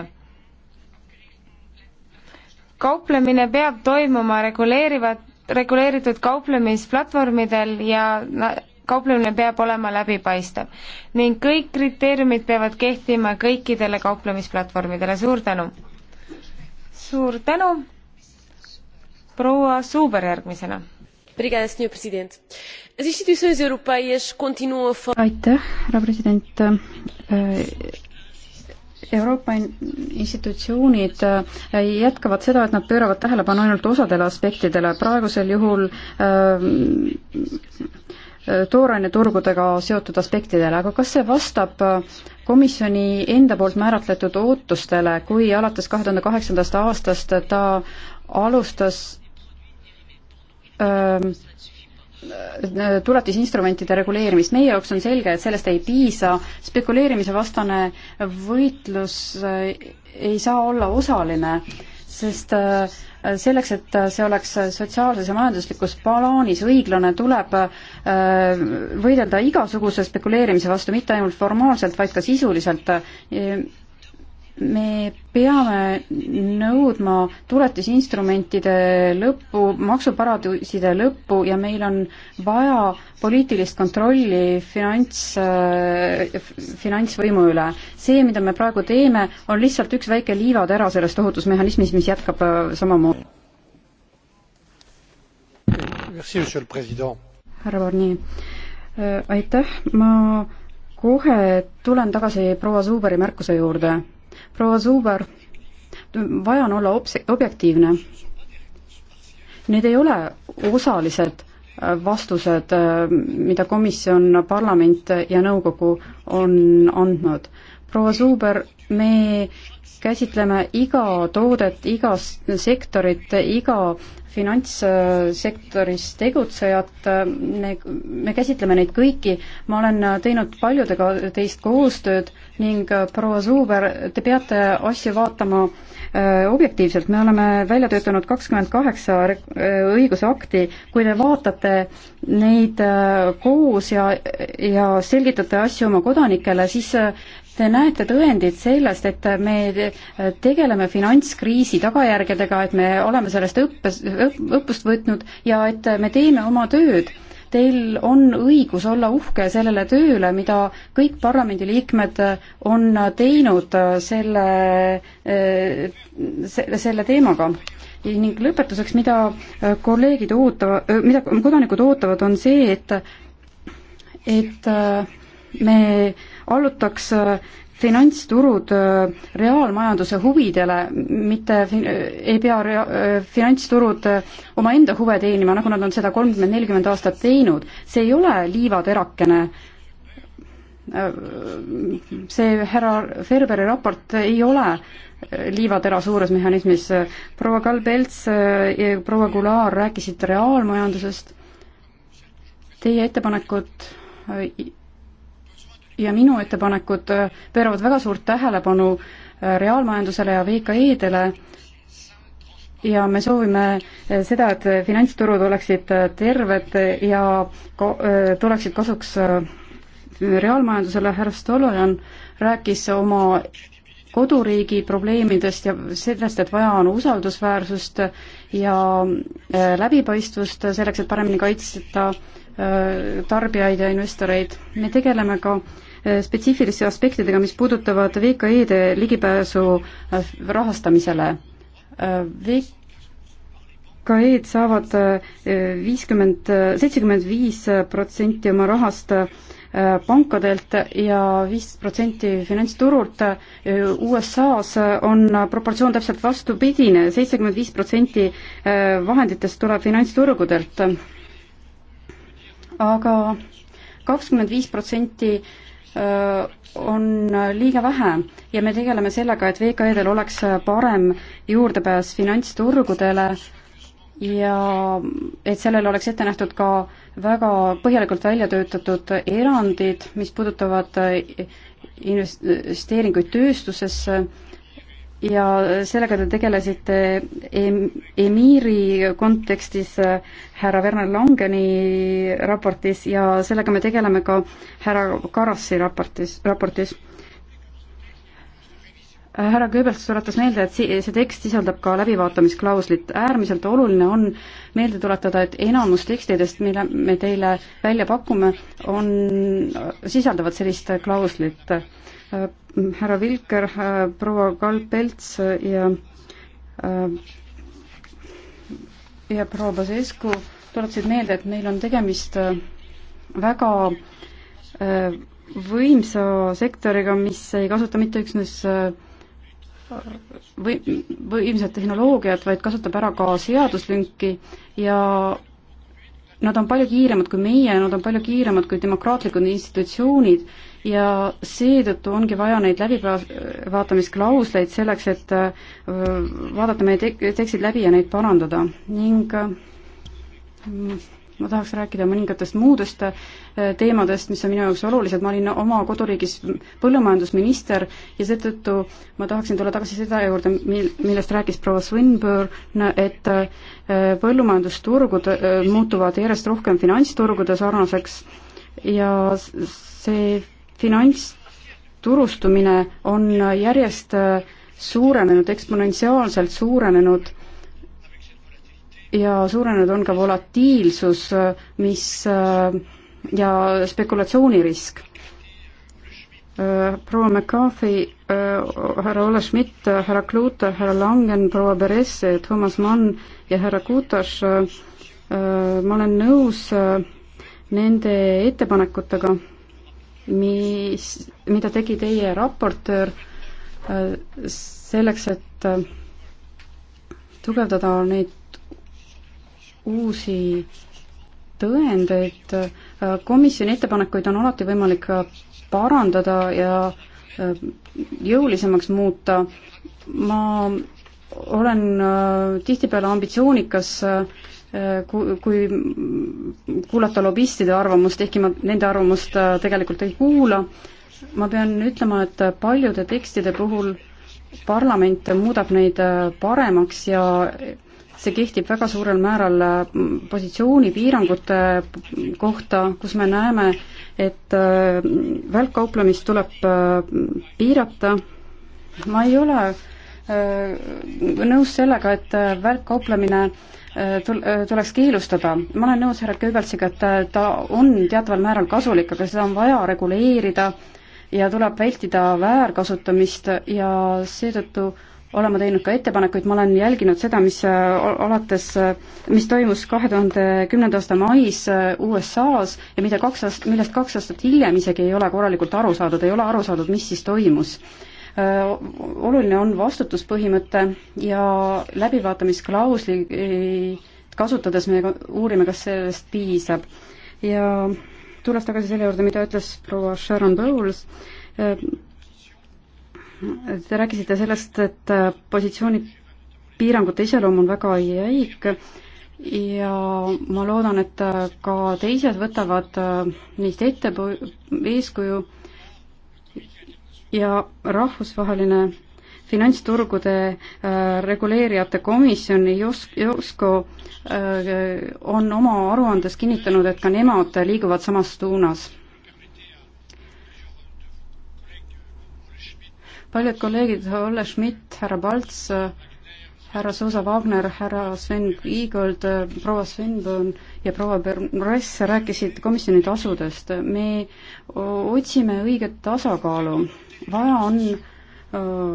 kauplemine peab toimuma reguleerivat reguleeritud kauplemisplatvormidel ja kauplemine peab olema läbipaistev ning kõik kriteeriumid peavad kehtima kõikidele kauplemisplatvormidele, suur tänu! suur tänu, proua Suuber järgmisena. aitäh, härra president äh, Euroopa institutsioonid äh, jätkavad seda, et nad pööravad tähelepanu ainult osadele aspektidele, praegusel juhul ähm, äh, tooraineturgudega seotud aspektidele, aga kas see vastab äh, komisjoni enda poolt määratletud ootustele, kui alates kahe tuhande kaheksandast aastast ta alustas öö, äh, tuletisinstrumentide reguleerimist. meie jaoks on selge, et sellest ei piisa, spekuleerimise vastane võitlus äh, ei saa olla osaline, sest äh, selleks, et see oleks sotsiaalses ja majanduslikus plaanis õiglane, tuleb äh, võidelda igasuguse spekuleerimise vastu, mitte ainult formaalselt, vaid ka sisuliselt me peame nõudma tuletisinstrumentide lõppu, maksuparadiiside lõppu ja meil on vaja poliitilist kontrolli finants, äh, finantsvõimu üle. see, mida me praegu teeme, on lihtsalt üks väike liivatera selles tohutus mehhanismis, mis jätkab äh, samamoodi. härra Barnier, äh, aitäh, ma kohe tulen tagasi proua Zuberi märkuse juurde proua Zuber, vaja on olla obs-, objektiivne. Need ei ole osalised äh, vastused, äh, mida komisjon, parlament ja nõukogu on andnud proua Suuber, me käsitleme iga toodet, iga sektorit, iga finantssektoris tegutsejat, me, me käsitleme neid kõiki, ma olen teinud paljudega teist koostööd ning proua Suuber, te peate asju vaatama öö, äh, objektiivselt, me oleme välja töötanud kakskümmend kaheksa äh, õigusakti, kui te vaatate neid öö, äh, koos ja, ja selgitate asju oma kodanikele, siis Te näete tõendeid sellest, et me tegeleme finantskriisi tagajärgedega, et me oleme sellest õppes, õppust võtnud ja et me teeme oma tööd. Teil on õigus olla uhke sellele tööle, mida kõik parlamendiliikmed on teinud selle, eh, selle teemaga ning lõpetuseks, mida kolleegid ootavad, mida kodanikud ootavad, on see, et et eh, me allutaks äh, finantsturud äh, reaalmajanduse huvidele, mitte äh, ei pea rea-, finantsturud omaenda huve teenima, nagu nad on seda kolmkümmend, nelikümmend aastat teinud. see ei ole liivaterakene. see härra Ferberi raport ei ole liivatera suures mehhanismis. proua Kalbelts ja proua Goulart rääkisid reaalmajandusest. Teie ettepanekud ja minu ettepanekud äh, pööravad väga suurt tähelepanu äh, reaalmajandusele ja VKE-dele ja me soovime äh, seda, et finantsturud oleksid terved ja ko-, tuleksid kasuks reaalmajandusele, härra Stolojan rääkis oma koduriigi probleemidest ja sellest, et vaja on usaldusväärsust ja läbipaistvust selleks, et paremini kaitsta tarbijaid ja investoreid. me tegeleme ka äh, spetsiifiliste aspektidega, mis puudutavad VKE-de ligipääsu äh, rahastamisele. Äh, VKE-d saavad äh, viiskümmend, seitsekümmend viis protsenti oma rahast pankadelt ja viis protsenti finantsturult. USA-s on proportsioon täpselt vastupidine, seitsekümmend viis protsenti vahenditest tuleb finantsturgudelt. aga kakskümmend viis protsenti on liiga vähe ja me tegeleme sellega, et VKE-del oleks parem juurdepääs finantsturgudele ja et sellel oleks ette nähtud ka väga põhjalikult välja töötatud erandid, mis puudutavad investeeringuid tööstusesse ja sellega te tegelesite Emiiri kontekstis äh, härra Werner Langeni raportis ja sellega me tegeleme ka härra Karassi raportis, raportis. Äh, härra Goebbels tuletas meelde, et see tekst sisaldab ka läbivaatamisklauslit. äärmiselt oluline on meelde tuletada, et enamus tekstidest, mille me teile välja pakume, on, sisaldavad sellist klauslit Äh, härra Vilker, äh, proua Kalpelts ja äh, ja proua Basescu tuletasid meelde, et meil on tegemist väga võimsa sektoriga, mis ei kasuta mitte üksnes või, võimsat tehnoloogiat, vaid kasutab ära ka seaduslünki ja nad on palju kiiremad kui meie, nad on palju kiiremad kui demokraatlikud institutsioonid ja seetõttu ongi vaja neid läbivaatamisklausleid selleks, et äh, vaadata meie tek-, tekstid läbi ja neid parandada ning äh, ma tahaks rääkida mõningatest muudest äh, teemadest, mis on minu jaoks olulised, ma olin oma koduriigis põllumajandusminister ja seetõttu ma tahaksin tulla tagasi seda juurde, mil, millest rääkis proua Swinburne, et põllumajandusturgud muutuvad järjest rohkem finantsturgude sarnaseks ja see finantsturustumine on järjest suurenenud, eksponentsiaalselt suurenenud ja suurenenud on ka volatiilsus, mis ja spekulatsioonirisk. proua McCarthy, härra Olle Schmidt, härra Klute, härra Langen, proua Beres, Toomas Mann ja härra Kutas, ma olen nõus nende ettepanekutega mis, mida tegi teie raportöör äh, selleks, et äh, tugevdada neid uusi tõendeid. Äh, komisjoni ettepanekuid on alati võimalik parandada ja jõulisemaks muuta. ma olen tihtipeale ambitsioonikas äh, Äh, kui, kui kuulata lobistide arvamust, ehkki ma nende arvamust äh, tegelikult ei kuula, ma pean ütlema, et paljude tekstide puhul parlament muudab neid äh, paremaks ja see kehtib väga suurel määral positsioonipiirangute kohta, kus me näeme, et välkkauplemist tuleb piirata. ma ei ole äh, Äh, nõus sellega, et äh, väärtkauplemine äh, tuleks keelustada. ma olen nõus härra Kööbeltsiga, et ta on teataval määral kasulik, aga seda on vaja reguleerida ja tuleb vältida väärkasutamist ja seetõttu olen ma teinud ka ettepanekuid, ma olen jälginud seda, mis alates, mis toimus kahe tuhande kümnenda aasta mais USA-s ja mida kaks aastat, millest kaks aastat hiljem isegi ei ole korralikult aru saadud, ei ole aru saadud, mis siis toimus. Äh, oluline on vastutuspõhimõte ja läbivaatamisklausli äh, kasutades me uurime, kas sellest piisab. ja tulles tagasi selle juurde, mida ütles proua Sharon Bowles, äh, Te rääkisite sellest, et positsiooni piirangute iseloom on väga jäik ja ma loodan, et ka teised võtavad neist ette eeskuju ja rahvusvaheline finantsturgude äh, reguleerijate komisjon Josko äh, on oma aruandes kinnitanud, et ka nemad liiguvad samas suunas. paljud kolleegid, Olle Schmidt, härra Palts, härra Zuza Wagner, härra Sven Kiigold, proua Svenbon ja proua Bermress rääkisid komisjoni tasudest. me otsime õiget tasakaalu vaja on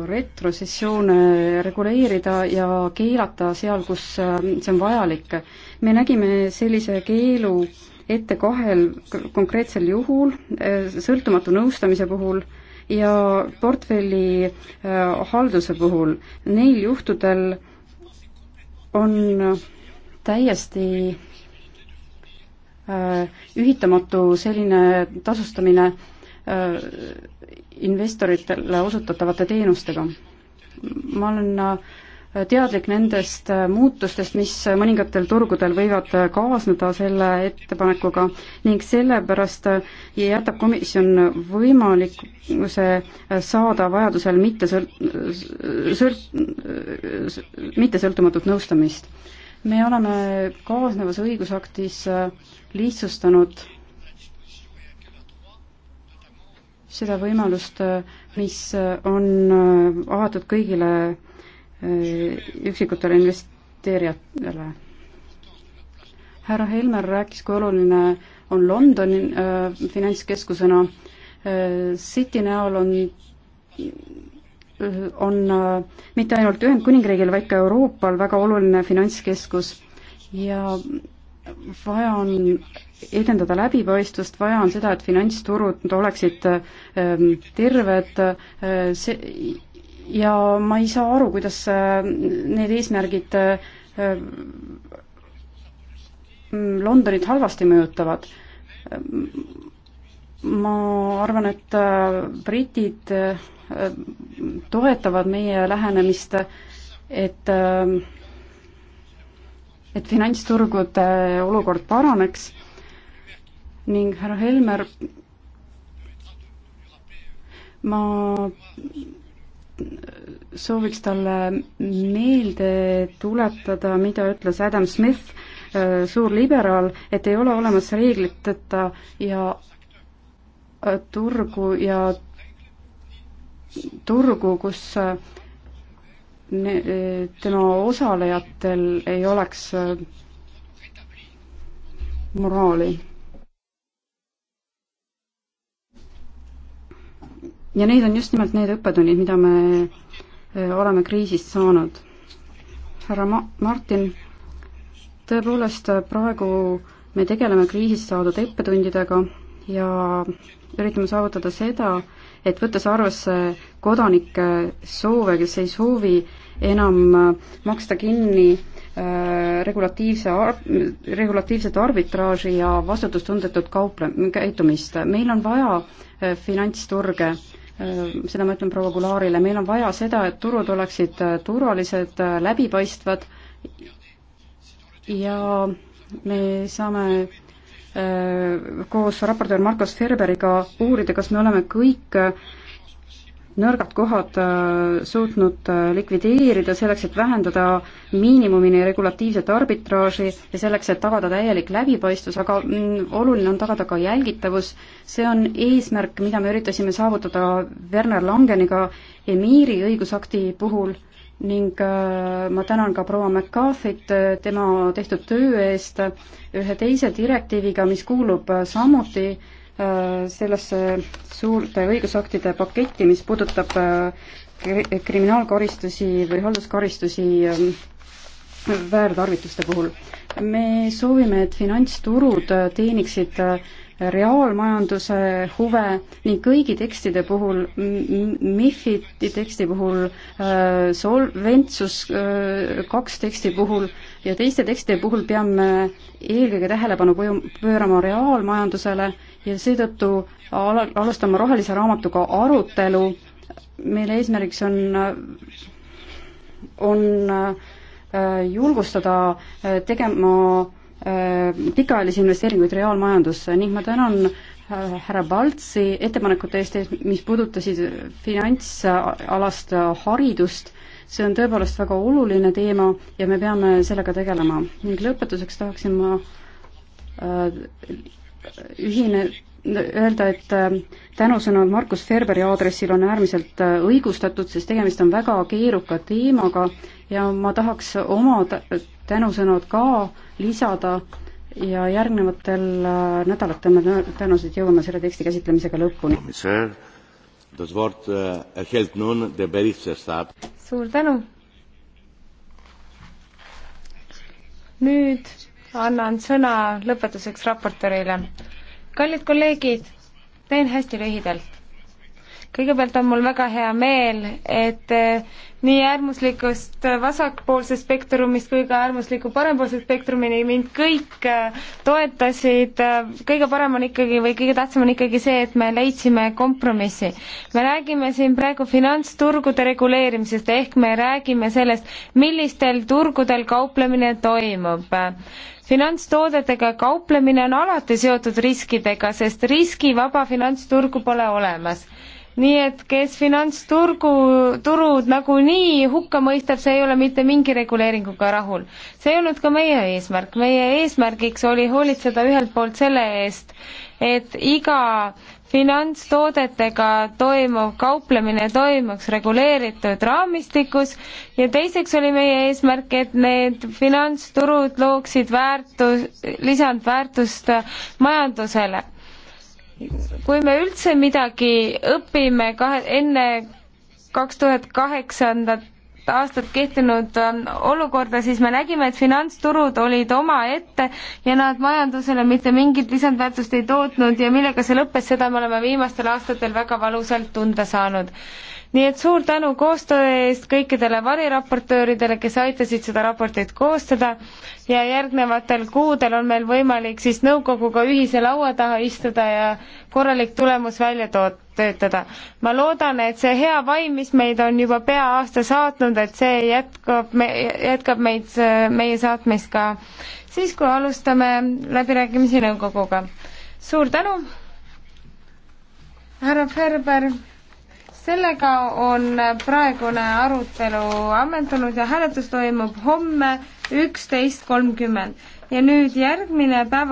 retrosessioone reguleerida ja keelata seal, kus see on vajalik. me nägime sellise keelu ette kahel konkreetsel juhul, sõltumatu nõustamise puhul ja portfelli halduse puhul. Neil juhtudel on täiesti ühitamatu selline tasustamine investoritele osutatavate teenustega. ma olen äh, teadlik nendest äh, muutustest, mis mõningatel turgudel võivad äh, kaasneda selle ettepanekuga ning sellepärast jätab komisjon võimalikkuse saada vajadusel mitte sõlt-, sõlt-, mittesõltumatut nõustamist. me oleme kaasnevas õigusaktis lihtsustanud seda võimalust, mis on avatud kõigile eh, üksikutele investeerijatele. härra Helmer rääkis, kui oluline on Londoni äh, finantskeskusena äh,. City näol on, on äh, mitte ainult Ühendkuningriigil, vaid ka Euroopal väga oluline finantskeskus ja vaja on edendada läbipaistvust, vaja on seda, et finantsturud oleksid ähm, terved, äh, see ja ma ei saa aru, kuidas äh, need eesmärgid äh, Londonit halvasti mõjutavad. ma arvan, et britid toetavad meie lähenemist, et et finantsturgude olukord paraneks ning härra Helmer, ma sooviks talle meelde tuletada, mida ütles Adam Smith, äh, suur liberaal, et ei ole olemas reegliteta ja äh, turgu ja turgu, kus äh, tema osalejatel ei oleks moraali ja need on just nimelt need õppetunnid, mida me oleme kriisist saanud. härra Ma-, Martin, tõepoolest praegu me tegeleme kriisist saadud õppetundidega ja üritame saavutada seda, et võttes arvesse kodanike soove, kes ei soovi enam maksta kinni regulatiivse, regulatiivset arbitraaži ja vastutustundetut kauple-, käitumist. meil on vaja finantsturge, Äh, seda ma ütlen proua Gularile, meil on vaja seda, et turud oleksid äh, turvalised, äh, läbipaistvad ja me saame koos raportöör Markus Ferberiga uurida, kas me oleme kõik äh, nõrgad kohad äh, suutnud äh, likvideerida selleks, et vähendada miinimumini regulatiivset arbitraaži ja selleks, et tagada täielik läbipaistvus, aga mm, oluline on tagada ka jälgitavus. see on eesmärk, mida me üritasime saavutada Werner Langeniga emiiri õigusakti puhul ning äh, ma tänan ka proua McCarthy't tema tehtud töö eest ühe teise direktiiviga, mis kuulub samuti äh, Äh, sellesse suurte õigusaktide paketti, mis puudutab äh, kriminaalkaristusi või halduskaristusi ähm, väärtarvituste puhul. me soovime, et finantsturud äh, teeniksid reaalmajanduse huve ning kõigi tekstide puhul, MIFID-i teksti puhul, Solventsus kaks teksti puhul ja teiste tekstide puhul peame eelkõige tähelepanu pöörama reaalmajandusele ja seetõttu al-, alustame Rohelise Raamatuga arutelu, mille eesmärgiks on, on äh, julgustada äh, tegema äh, pikaajalisi investeeringuid reaalmajandusse ning ma tänan härra Baltsi ettepanekute eest, mis puudutasid finantsalast haridust, see on tõepoolest väga oluline teema ja me peame sellega tegelema. ning lõpetuseks tahaksin ma ühine, öelda, et äh, tänusõnad Markus Ferberi aadressil on äärmiselt äh, õigustatud, sest tegemist on väga keeruka teemaga ja ma tahaks oma tänusõnad ka lisada ja järgnevatel äh, nädalatel me tõenäoliselt jõuame selle teksti käsitlemisega lõpuni. suur tänu! nüüd annan sõna lõpetuseks raportöörile. kallid kolleegid, teen hästi lühidalt. kõigepealt on mul väga hea meel, et eh, nii äärmuslikust eh, vasakpoolsest spektrumist kui ka äärmusliku parempoolse spektrumini mind kõik eh, toetasid. kõige parem on ikkagi või kõige tähtsam on ikkagi see, et me leidsime kompromissi. me räägime siin praegu finantsturgude reguleerimisest ehk me räägime sellest, millistel turgudel kauplemine toimub finantstoodetega kauplemine on alati seotud riskidega, sest riskivaba finantsturgu pole olemas. nii et kes finantsturgu, turud nagunii hukka mõistab, see ei ole mitte mingi reguleeringuga rahul. see ei olnud ka meie eesmärk, meie eesmärgiks oli hoolitseda ühelt poolt selle eest, et iga finantstoodetega toimuv kauplemine toimuks reguleeritud raamistikus ja teiseks oli meie eesmärk, et need finantsturud looksid väärtus, lisandväärtust majandusele. kui me üldse midagi õpime kahe, enne kaks tuhat kaheksandat aastat kehtinud äh, olukorda, siis me nägime, et finantsturud olid omaette ja nad majandusele mitte mingit lisandväärtust ei tootnud ja millega see lõppes, seda me oleme viimastel aastatel väga valusalt tunda saanud nii et suur tänu koostöö eest kõikidele variraportööridele, kes aitasid seda raportit koostada ja järgnevatel kuudel on meil võimalik siis nõukoguga ühise laua taha istuda ja korralik tulemus välja toota töötada. ma loodan, et see hea vaim, mis meid on juba pea aasta saatnud, et see jätkab me,, jätkab meid, meie saatmist ka siis, kui alustame läbirääkimisi nõukoguga. suur tänu, härra Ferber, sellega on praegune arutelu ammendunud ja hääletus toimub homme üksteist kolmkümmend ja nüüd järgmine päev